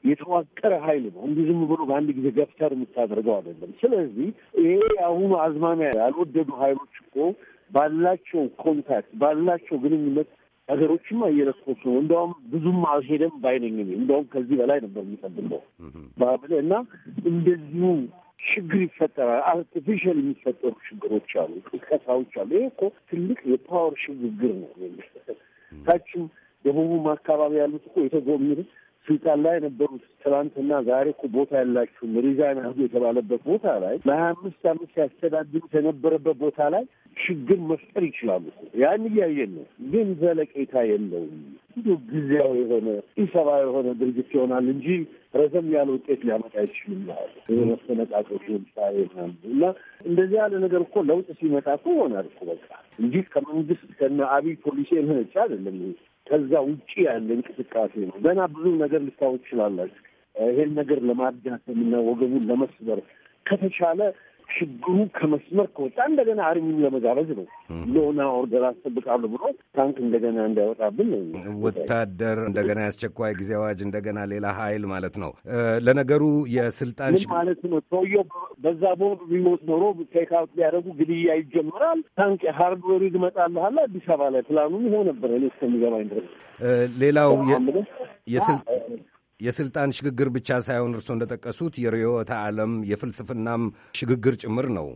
የተዋቀረ ኃይል ነው። እንዲህ ዝም ብሎ በአንድ ጊዜ ገፍተር የምታደርገው አይደለም። ስለዚህ ይሄ አሁኑ አዝማሚያ ያልወደዱ ኃይሎች እኮ ባላቸው ኮንታክት ባላቸው ግንኙነት ሀገሮችም እየለኮሱ እንደውም ብዙም አልሄደም ባይነኝም እንደውም ከዚህ በላይ ነበር የሚጠብቀው እና እንደዚሁ ችግር ይፈጠራል። አርቲፊሻል የሚፈጠሩ ችግሮች አሉ፣ ቅስቀሳዎች አሉ። ይህ እኮ ትልቅ የፓወር ሽግግር ነው። ታችም ደቡቡም አካባቢ ያሉት እኮ የተጎሚሩት ስልጣን ላይ የነበሩት ትላንትና ዛሬ እኮ ቦታ ያላችሁም ሪዛይን አድርጉ የተባለበት ቦታ ላይ ለሀያ አምስት አምስት ሲያስተዳድሩት የነበረበት ቦታ ላይ ችግር መፍጠር ይችላሉ። ያን እያየን ነው፣ ግን ዘለቄታ የለውም። እንዲሁ ጊዜያዊ የሆነ ኢሰባ የሆነ ድርጅት ይሆናል እንጂ ረዘም ያለ ውጤት ሊያመጣ አይችልም። መፈነቃቀች ለምሳሌ እና እንደዚህ ያለ ነገር እኮ ለውጥ ሲመጣ እኮ ይሆናል እኮ በቃ እንጂ ከመንግስት ከነ አብይ ፖሊሲ የመነጨ አይደለም። ከዛ ውጭ ያለ እንቅስቃሴ ነው። ገና ብዙ ነገር ልታወቅ ትችላላችሁ። ይሄን ነገር ለማዳከም እና ወገቡን ለመስበር ከተቻለ ችግሩ ከመስመር ከወጣ እንደገና አርሚን ለመጋበዝ ነው። ሎና ኦርደር አስጠብቃሉ ብሎ ታንክ እንደገና እንዳይወጣብን ወታደር እንደገና የአስቸኳይ ጊዜ አዋጅ እንደገና ሌላ ሀይል ማለት ነው። ለነገሩ የስልጣን ማለት ነው። ሰውየው በዛ ቦምብ ቢሞት ኖሮ ቴክአውት ሊያደርጉ ግድያ ይጀምራል። ታንክ ሀርድዌር ይመጣልሃል አዲስ አበባ ላይ ፕላኑም ይሆን ነበር እኔ እስከሚገባኝ ድረስ ሌላው የስልጣን ሽግግር ብቻ ሳይሆን እርስዎ እንደጠቀሱት የርዕዮተ ዓለም የፍልስፍናም ሽግግር ጭምር ነው።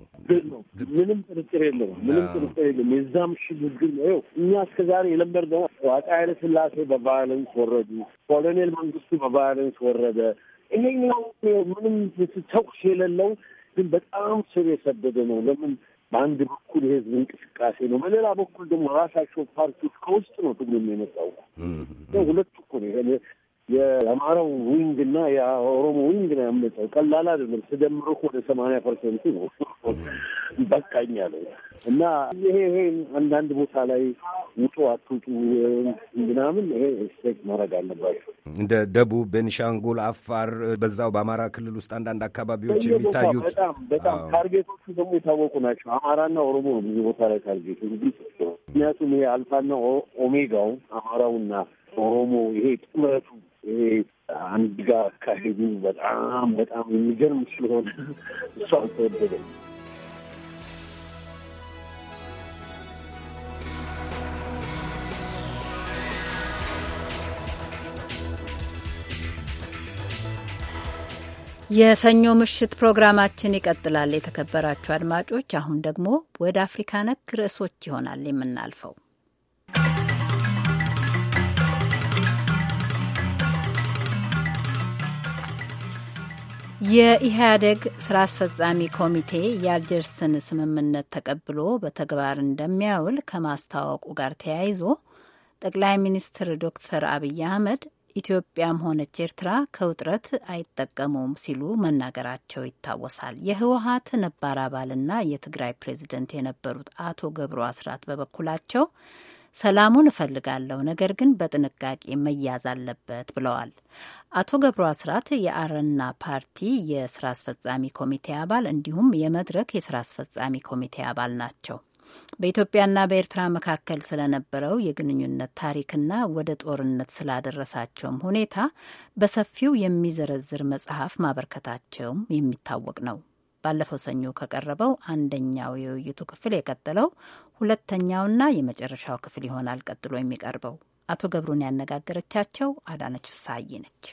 ምንም ጥርጥር የለውም። ምንም ጥርጥር የለውም። የዛም ሽግግር ነው። እኛ እስከዛሬ የለመድነው አፄ ኃይለ ሥላሴ በቫዮለንስ ወረዱ፣ ኮሎኔል መንግስቱ በቫዮለንስ ወረደ። ይሄኛው ምንም ተኩስ የሌለው ግን በጣም ስር የሰደደ ነው። ለምን በአንድ በኩል የህዝብ እንቅስቃሴ ነው፣ በሌላ በኩል ደግሞ ራሳቸው ፓርቲዎች ከውስጥ ነው ትግሉ የሚመጣው። ሁለቱ እኮ ነው የአማራው ዊንግ እና የኦሮሞ ዊንግ ነው ያመለጠው። ቀላል አይደለም። ስደምሮ ወደ ሰማንያ ፐርሰንቱ ነው በቃኝ አለ እና ይሄ ይሄ አንዳንድ ቦታ ላይ ውጡ አትውጡ ምናምን ይሄ ስቴክ ማድረግ አለባቸው። እንደ ደቡብ፣ ቤኒሻንጉል፣ አፋር በዛው በአማራ ክልል ውስጥ አንዳንድ አካባቢዎች የሚታዩት በጣም በጣም ታርጌቶቹ ደግሞ የታወቁ ናቸው። አማራና ኦሮሞ ነው ብዙ ቦታ ላይ ታርጌቱ። ምክንያቱም ይሄ አልፋና ኦሜጋው አማራውና ኦሮሞ ይሄ ጥምረቱ ይሄ አንድ ጋር አካሄዱ በጣም በጣም የሚገርም ስለሆነ እሷ አልተወደደም። የሰኞ ምሽት ፕሮግራማችን ይቀጥላል። የተከበራችሁ አድማጮች፣ አሁን ደግሞ ወደ አፍሪካ ነክ ርዕሶች ይሆናል የምናልፈው። የኢህአዴግ ስራ አስፈጻሚ ኮሚቴ የአልጀርስን ስምምነት ተቀብሎ በተግባር እንደሚያውል ከማስታወቁ ጋር ተያይዞ ጠቅላይ ሚኒስትር ዶክተር አብይ አህመድ ኢትዮጵያም ሆነች ኤርትራ ከውጥረት አይጠቀሙም ሲሉ መናገራቸው ይታወሳል። የህወሀት ነባር አባልና የትግራይ ፕሬዚደንት የነበሩት አቶ ገብሩ አስራት በበኩላቸው ሰላሙን እፈልጋለሁ፣ ነገር ግን በጥንቃቄ መያዝ አለበት ብለዋል። አቶ ገብሩ አስራት የአረና ፓርቲ የስራ አስፈጻሚ ኮሚቴ አባል እንዲሁም የመድረክ የስራ አስፈጻሚ ኮሚቴ አባል ናቸው። በኢትዮጵያና በኤርትራ መካከል ስለነበረው የግንኙነት ታሪክና ወደ ጦርነት ስላደረሳቸውም ሁኔታ በሰፊው የሚዘረዝር መጽሐፍ ማበርከታቸውም የሚታወቅ ነው። ባለፈው ሰኞ ከቀረበው አንደኛው የውይይቱ ክፍል የቀጠለው ሁለተኛውና የመጨረሻው ክፍል ይሆናል ቀጥሎ የሚቀርበው። አቶ ገብሩን ያነጋገረቻቸው አዳነች ፍሳሐዬ ነች።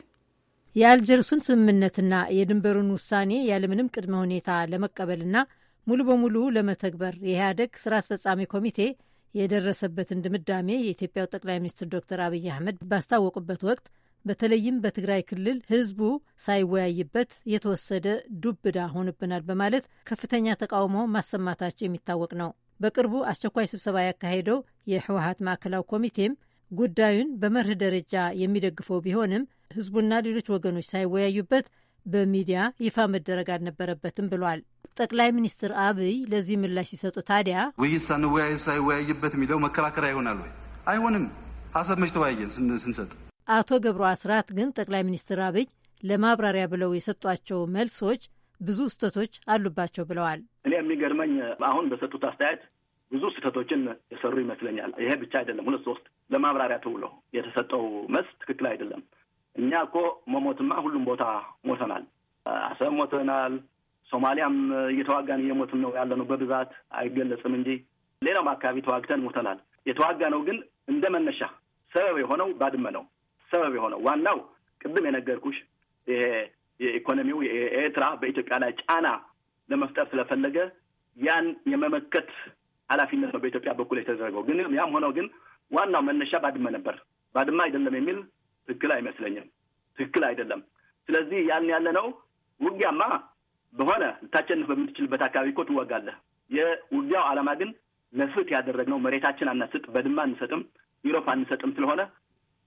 የአልጀርሱን ስምምነትና የድንበሩን ውሳኔ ያለምንም ቅድመ ሁኔታ ለመቀበልና ሙሉ በሙሉ ለመተግበር የኢህአዴግ ስራ አስፈጻሚ ኮሚቴ የደረሰበትን ድምዳሜ የኢትዮጵያው ጠቅላይ ሚኒስትር ዶክተር አብይ አህመድ ባስታወቁበት ወቅት በተለይም በትግራይ ክልል ህዝቡ ሳይወያይበት የተወሰደ ዱብዳ ሆንብናል በማለት ከፍተኛ ተቃውሞ ማሰማታቸው የሚታወቅ ነው። በቅርቡ አስቸኳይ ስብሰባ ያካሄደው የህወሀት ማዕከላዊ ኮሚቴም ጉዳዩን በመርህ ደረጃ የሚደግፈው ቢሆንም ህዝቡና ሌሎች ወገኖች ሳይወያዩበት በሚዲያ ይፋ መደረግ አልነበረበትም ብሏል። ጠቅላይ ሚኒስትር አብይ ለዚህ ምላሽ ሲሰጡ ታዲያ ውይይት ሳንወያዩ ሳይወያይበት የሚለው መከራከሪያ ይሆናል ወይ? አይሆንም። ሀሳብ መች ተወያየን ስንሰጥ። አቶ ገብሩ አስራት ግን ጠቅላይ ሚኒስትር አብይ ለማብራሪያ ብለው የሰጧቸው መልሶች ብዙ ስህተቶች አሉባቸው ብለዋል። እኔ የሚገርመኝ አሁን በሰጡት አስተያየት ብዙ ስህተቶችን የሰሩ ይመስለኛል። ይሄ ብቻ አይደለም፣ ሁለት ሶስት ለማብራሪያ ተውሎ የተሰጠው መስ ትክክል አይደለም። እኛ እኮ መሞትማ ሁሉም ቦታ ሞተናል። አሰብ ሞተናል። ሶማሊያም እየተዋጋን እየሞትን ነው ያለነው። በብዛት አይገለጽም እንጂ ሌላም አካባቢ ተዋግተን ሞተናል። የተዋጋ ነው ግን እንደ መነሻ ሰበብ የሆነው ባድመ ነው። ሰበብ የሆነው ዋናው ቅድም የነገርኩሽ ይሄ ኢኮኖሚው የኤርትራ በኢትዮጵያ ላይ ጫና ለመፍጠር ስለፈለገ ያን የመመከት ኃላፊነት ነው በኢትዮጵያ በኩል የተደረገው። ግን ያም ሆነው ግን ዋናው መነሻ ባድመ ነበር። ባድመ አይደለም የሚል ትክክል አይመስለኝም፣ ትክክል አይደለም። ስለዚህ ያን ያለ ነው ውጊያማ በሆነ ልታቸንፍ በምትችልበት አካባቢ እኮ ትወጋለህ። የውጊያው ዓላማ ግን ለፍትህ ያደረግነው መሬታችን አናስጥ፣ በድማ አንሰጥም፣ ኢሮፕ አንሰጥም ስለሆነ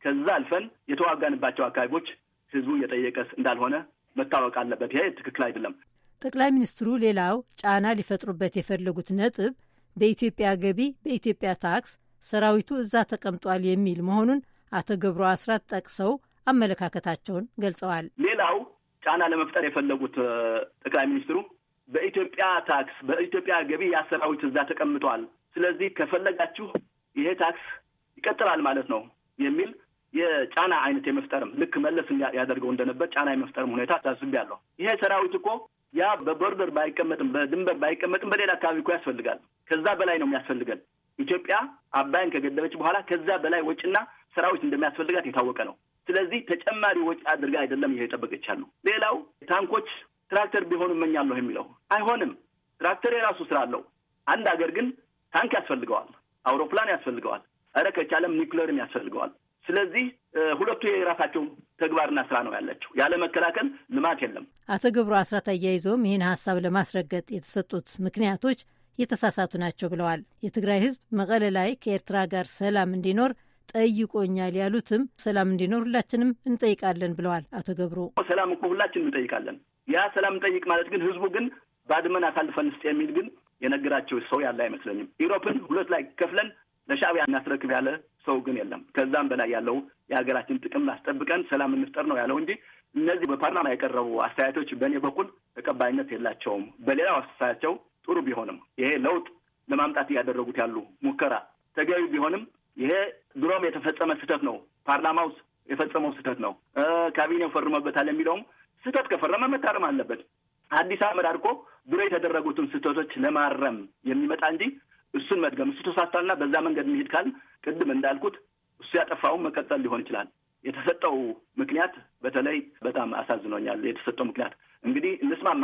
ከዛ አልፈን የተዋጋንባቸው አካባቢዎች ህዝቡ እየጠየቀ እንዳልሆነ መታወቅ አለበት። ይሄ ትክክል አይደለም። ጠቅላይ ሚኒስትሩ ሌላው ጫና ሊፈጥሩበት የፈለጉት ነጥብ በኢትዮጵያ ገቢ በኢትዮጵያ ታክስ ሰራዊቱ እዛ ተቀምጧል የሚል መሆኑን አቶ ገብሩ አስራት ጠቅሰው አመለካከታቸውን ገልጸዋል። ሌላው ጫና ለመፍጠር የፈለጉት ጠቅላይ ሚኒስትሩ በኢትዮጵያ ታክስ በኢትዮጵያ ገቢ ያ ሰራዊት እዛ ተቀምጧል፣ ስለዚህ ከፈለጋችሁ ይሄ ታክስ ይቀጥላል ማለት ነው የሚል የጫና አይነት የመፍጠርም ልክ መለስ ያደርገው እንደነበር ጫና የመፍጠርም ሁኔታ ታስቤያለሁ። ይሄ ሰራዊት እኮ ያ በቦርደር ባይቀመጥም በድንበር ባይቀመጥም በሌላ አካባቢ እኮ ያስፈልጋል። ከዛ በላይ ነው የሚያስፈልገን። ኢትዮጵያ አባይን ከገደበች በኋላ ከዛ በላይ ወጪና ሰራዊት እንደሚያስፈልጋት የታወቀ ነው። ስለዚህ ተጨማሪ ወጪ አድርጋ አይደለም ይሄ የጠበቀች ያሉ። ሌላው ታንኮች ትራክተር ቢሆኑ እመኛለሁ የሚለው አይሆንም። ትራክተር የራሱ ስራ አለው። አንድ ሀገር ግን ታንክ ያስፈልገዋል፣ አውሮፕላን ያስፈልገዋል፣ እረ ከቻለም ኒውክሌርም ያስፈልገዋል። ስለዚህ ሁለቱ የራሳቸው ተግባርና ስራ ነው ያላቸው። ያለ መከላከል ልማት የለም። አቶ ገብሩ አስራት አያይዘውም ይህን ሀሳብ ለማስረገጥ የተሰጡት ምክንያቶች የተሳሳቱ ናቸው ብለዋል። የትግራይ ህዝብ መቀለ ላይ ከኤርትራ ጋር ሰላም እንዲኖር ጠይቆኛል ያሉትም ሰላም እንዲኖር ሁላችንም እንጠይቃለን ብለዋል። አቶ ገብሩ ሰላም እኮ ሁላችንም እንጠይቃለን። ያ ሰላም እንጠይቅ ማለት ግን ህዝቡ ግን ባድመን አሳልፈን ስጥ የሚል ግን የነገራቸው ሰው ያለ አይመስለኝም። ኢሮፕን ሁለት ላይ ከፍለን ለሻዕቢያ እናስረክብ ያለ ሰው ግን የለም። ከዛም በላይ ያለው የሀገራችን ጥቅም አስጠብቀን ሰላም እንፍጠር ነው ያለው እንጂ እነዚህ በፓርላማ የቀረቡ አስተያየቶች በእኔ በኩል ተቀባይነት የላቸውም። በሌላው አስተያየታቸው ጥሩ ቢሆንም ይሄ ለውጥ ለማምጣት እያደረጉት ያሉ ሙከራ ተገቢ ቢሆንም ይሄ ድሮም የተፈጸመ ስህተት ነው። ውስጥ የፈጸመው ስህተት ነው። ካቢኔው ፈርሞበታል የሚለውም ስህተት ከፈረመ መታረም አለበት። አዲስ አመድ አድርጎ ድሮ የተደረጉትን ስህተቶች ለማረም የሚመጣ እንጂ እሱን መድገም እሱ ተሳስቷልና በዛ መንገድ መሄድ ካል ቅድም እንዳልኩት እሱ ያጠፋውን መቀጠል ሊሆን ይችላል። የተሰጠው ምክንያት በተለይ በጣም አሳዝኖኛል። የተሰጠው ምክንያት እንግዲህ እንስማማ፣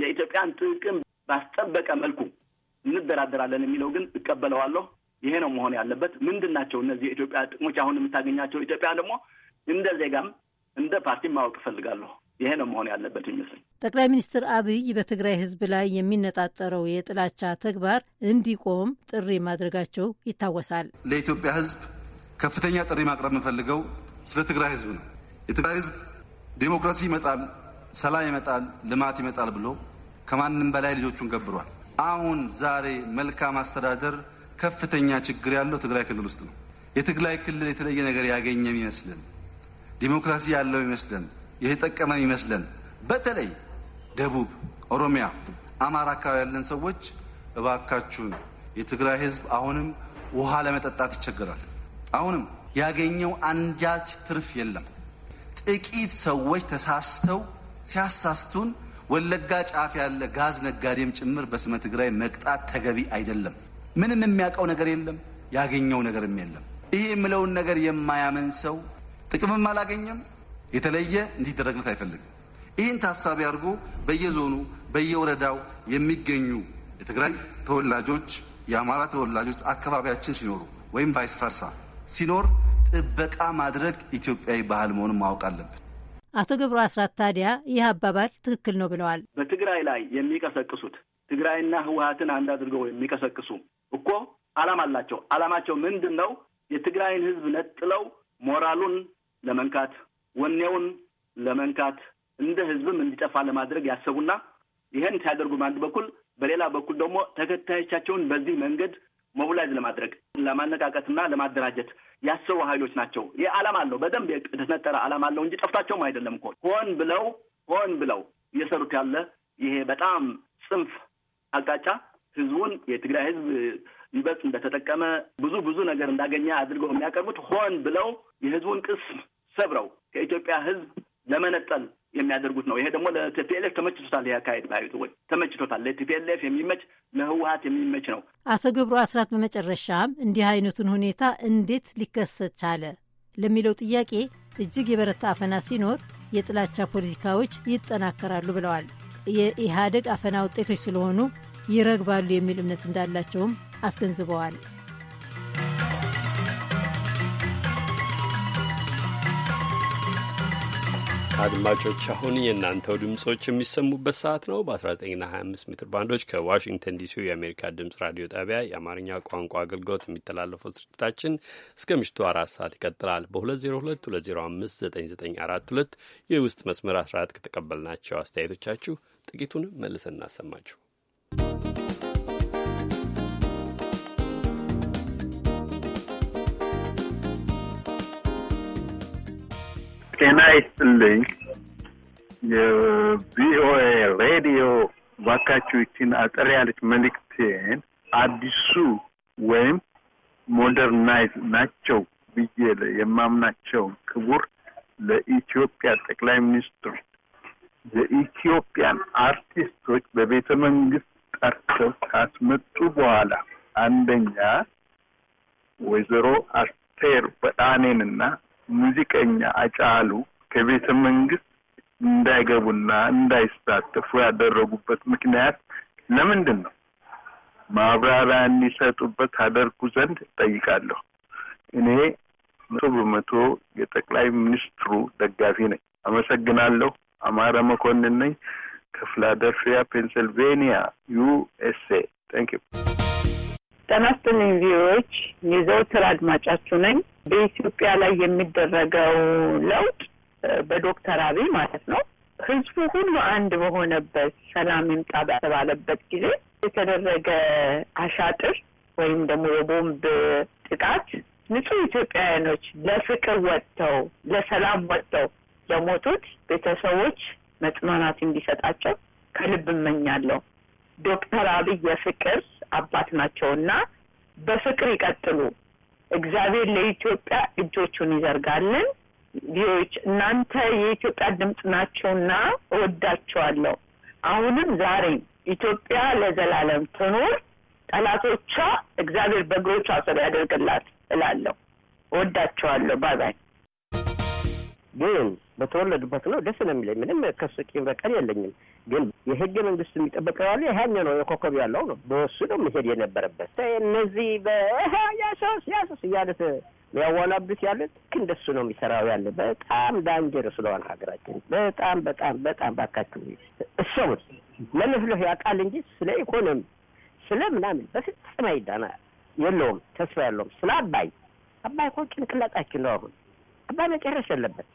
የኢትዮጵያን ጥቅም ባስጠበቀ መልኩ እንደራደራለን የሚለው ግን እቀበለዋለሁ። ይሄ ነው መሆን ያለበት። ምንድን ናቸው እነዚህ የኢትዮጵያ ጥቅሞች አሁን የምታገኛቸው? ኢትዮጵያ ደግሞ እንደ ዜጋም እንደ ፓርቲ ማወቅ እፈልጋለሁ። ይሄ ነው መሆን ያለበት ይመስል። ጠቅላይ ሚኒስትር አብይ በትግራይ ህዝብ ላይ የሚነጣጠረው የጥላቻ ተግባር እንዲቆም ጥሪ ማድረጋቸው ይታወሳል። ለኢትዮጵያ ህዝብ ከፍተኛ ጥሪ ማቅረብ የምፈልገው ስለ ትግራይ ህዝብ ነው። የትግራይ ህዝብ ዴሞክራሲ ይመጣል፣ ሰላም ይመጣል፣ ልማት ይመጣል ብሎ ከማንም በላይ ልጆቹን ገብሯል። አሁን ዛሬ መልካም አስተዳደር ከፍተኛ ችግር ያለው ትግራይ ክልል ውስጥ ነው። የትግራይ ክልል የተለየ ነገር ያገኘም ይመስልን ዲሞክራሲ ያለው ይመስልን የተጠቀመን ይመስለን። በተለይ ደቡብ፣ ኦሮሚያ፣ አማራ አካባቢ ያለን ሰዎች እባካችሁን የትግራይ ህዝብ አሁንም ውሃ ለመጠጣት ይቸገራል። አሁንም ያገኘው አንዳች ትርፍ የለም። ጥቂት ሰዎች ተሳስተው ሲያሳስቱን ወለጋ ጫፍ ያለ ጋዝ ነጋዴም ጭምር በስመ ትግራይ መቅጣት ተገቢ አይደለም። ምንም የሚያውቀው ነገር የለም፣ ያገኘው ነገርም የለም። ይህ የምለውን ነገር የማያምን ሰው ጥቅምም አላገኘም፣ የተለየ እንዲደረግለት አይፈልግም። ይህን ታሳቢ አድርጎ በየዞኑ በየወረዳው የሚገኙ የትግራይ ተወላጆች፣ የአማራ ተወላጆች አካባቢያችን ሲኖሩ ወይም ቫይስ ፈርሳ ሲኖር ጥበቃ ማድረግ ኢትዮጵያዊ ባህል መሆኑን ማወቅ አለብን። አቶ ገብሩ አስራት ታዲያ ይህ አባባል ትክክል ነው ብለዋል። በትግራይ ላይ የሚቀሰቅሱት ትግራይና ህወሀትን አንድ አድርገው የሚቀሰቅሱ እኮ አላማ አላቸው። አላማቸው ምንድን ነው? የትግራይን ህዝብ ነጥለው ሞራሉን ለመንካት ወኔውን ለመንካት እንደ ህዝብም እንዲጠፋ ለማድረግ ያሰቡና ይህን ሲያደርጉ በአንድ በኩል በሌላ በኩል ደግሞ ተከታዮቻቸውን በዚህ መንገድ ሞቢላይዝ ለማድረግ ለማነቃቀትና ለማደራጀት ያሰቡ ኃይሎች ናቸው። ይህ ዓላማ አለው፣ በደንብ የተነጠረ ዓላማ አለው እንጂ ጠፍታቸውም አይደለም እኮ ሆን ብለው ሆን ብለው እየሰሩት ያለ ይሄ በጣም ጽንፍ አቅጣጫ ህዝቡን የትግራይ ህዝብ ይበልጥ እንደተጠቀመ ብዙ ብዙ ነገር እንዳገኘ አድርገው የሚያቀርቡት ሆን ብለው የህዝቡን ቅስም ሰብረው ከኢትዮጵያ ህዝብ ለመነጠል የሚያደርጉት ነው። ይሄ ደግሞ ለቲፒኤልኤፍ ተመችቶታል። ያካሄድ አካሄድ በሀይቱ ወይ ተመችቶታል። ለቲፒኤልኤፍ የሚመች ለህወሀት የሚመች ነው። አቶ ገብሩ አስራት በመጨረሻም እንዲህ አይነቱን ሁኔታ እንዴት ሊከሰት ቻለ ለሚለው ጥያቄ እጅግ የበረታ አፈና ሲኖር የጥላቻ ፖለቲካዎች ይጠናከራሉ ብለዋል። የኢህአደግ አፈና ውጤቶች ስለሆኑ ይረግባሉ የሚል እምነት እንዳላቸውም አስገንዝበዋል። አድማጮች አሁን የእናንተው ድምጾች የሚሰሙበት ሰዓት ነው። በ19ና 25 ሜትር ባንዶች ከዋሽንግተን ዲሲው የአሜሪካ ድምጽ ራዲዮ ጣቢያ የአማርኛ ቋንቋ አገልግሎት የሚተላለፈው ስርጭታችን እስከ ምሽቱ አራት ሰዓት ይቀጥላል። በ2022059942 የውስጥ መስመር 14 ከተቀበልናቸው አስተያየቶቻችሁ ጥቂቱን መልሰን እናሰማችሁ። ጤና ይስጥልኝ። የቪኦኤ ሬዲዮ ባካችሁ ይችን አጠር ያለች መልእክቴን አዲሱ ወይም ሞደርናይዝ ናቸው ብዬ የማምናቸው ክቡር ለኢትዮጵያ ጠቅላይ ሚኒስትር የኢትዮጵያን አርቲስቶች በቤተ መንግስት ጠርተው ካስመጡ በኋላ አንደኛ ወይዘሮ አስቴር በጣኔንና ሙዚቀኛ አጫሉ ከቤተ መንግስት እንዳይገቡና እንዳይሳተፉ ያደረጉበት ምክንያት ለምንድን ነው? ማብራሪያ እንዲሰጡበት አደርጉ ዘንድ ጠይቃለሁ። እኔ መቶ በመቶ የጠቅላይ ሚኒስትሩ ደጋፊ ነኝ። አመሰግናለሁ። አማረ መኮንን ነኝ ከፊላደልፊያ ፔንስልቬኒያ ዩኤስኤ። ታንክ ዩ ጤና ይስጥልኝ ቪዎች የዘወትር አድማጫችሁ ነኝ። በኢትዮጵያ ላይ የሚደረገው ለውጥ በዶክተር አብይ ማለት ነው ህዝቡ ሁሉ አንድ በሆነበት ሰላም ይምጣ በተባለበት ጊዜ የተደረገ አሻጥር ወይም ደግሞ የቦምብ ጥቃት ንጹህ ኢትዮጵያውያኖች ለፍቅር ወጥተው ለሰላም ወጥተው ለሞቱት ቤተሰቦች መጽናናት እንዲሰጣቸው ከልብ እመኛለሁ። ዶክተር አብይ የፍቅር አባት ናቸውና በፍቅር ይቀጥሉ። እግዚአብሔር ለኢትዮጵያ እጆቹን ይዘርጋልን። ቪዎች እናንተ የኢትዮጵያ ድምፅ ናቸውና እወዳቸዋለሁ። አሁንም ዛሬ ኢትዮጵያ ለዘላለም ትኑር፣ ጠላቶቿ እግዚአብሔር በእግሮቿ ስር ያደርግላት እላለሁ። እወዳቸዋለሁ። ባይ ባይ። ግን በተወለዱበት ነው ደስ ነው የሚለኝ። ምንም ከሱ ቂም በቀል የለኝም። ግን የህገ መንግስት የሚጠበቀው ያለ ይሄን ነው የኮከብ ያለው ነው። በሱ ነው መሄድ የነበረበት። እነዚህ በያሶስ ያሶስ እያለት ሊያዋላብት ያለት ልክ እንደሱ ነው የሚሰራው ያለ። በጣም ዳንጀር ስለሆነ ሀገራችን በጣም በጣም በጣም ባካችሁ እሰቡት። ለምፍልህ ያውቃል እንጂ ስለ ኢኮኖሚ ስለ ምናምን በፍጹም አይዳና የለውም ተስፋ ያለውም ስለ አባይ አባይ እኮ ጭንቅላታችን ነው አሁን አባይ መጨረስ የለበት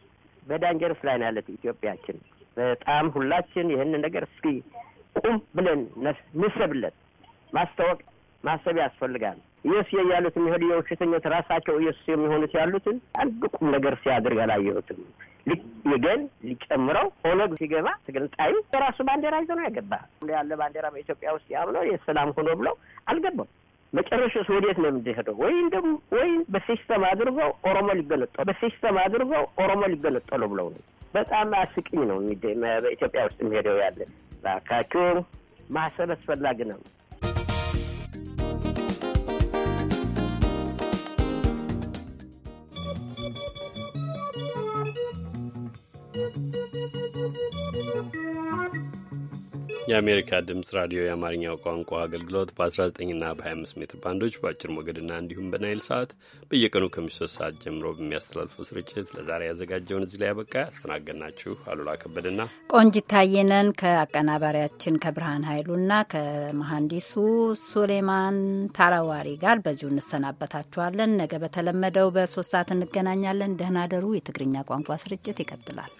በዳንጀርስ ላይ ነው ያለት ኢትዮጵያችን። በጣም ሁላችን ይህንን ነገር እስኪ ቁም ብለን ንሰብለት ማስታወቅ ማሰብ ያስፈልጋል። ኢየሱስ ያሉት የሚሄዱ የውሸተኞች ራሳቸው ኢየሱስ የሚሆኑት ያሉትን አንድ ቁም ነገር ሲያደርግ አላየሁትም። ግን ሊጨምረው ሆኖ ሲገባ ትግልጣዩ የራሱ ባንዲራ ይዞ ነው ያገባ ያለ ባንዲራ በኢትዮጵያ ውስጥ ያምነው የሰላም ሆኖ ብሎ አልገባም። መጨረሻ ወዴት ነው የሚሄደው? ወይም ደግሞ ወይም በሲስተም አድርገው ኦሮሞ ሊገለጠሉ በሲስተም አድርገው ኦሮሞ ሊገለጠሉ ብለው ነው። በጣም አስቂኝ ነው በኢትዮጵያ ውስጥ የሚሄደው ያለ ባካችሁ ማሰብ አስፈላጊ ነው። የአሜሪካ ድምፅ ራዲዮ የአማርኛው ቋንቋ አገልግሎት በ19ና በ25 ሜትር ባንዶች በአጭር ሞገድና እንዲሁም በናይል ሰዓት በየቀኑ ከምሽቱ ሶስት ሰዓት ጀምሮ በሚያስተላልፈው ስርጭት ለዛሬ ያዘጋጀውን እዚህ ላይ ያበቃ። ያስተናገድናችሁ አሉላ ከበደና ቆንጂት ታየነን ከአቀናባሪያችን ከብርሃን ኃይሉና ከመሐንዲሱ ሱሌማን ታራዋሪ ጋር በዚሁ እንሰናበታችኋለን። ነገ በተለመደው በሶስት ሰዓት እንገናኛለን። ደህና ደሩ። የትግርኛ ቋንቋ ስርጭት ይቀጥላል።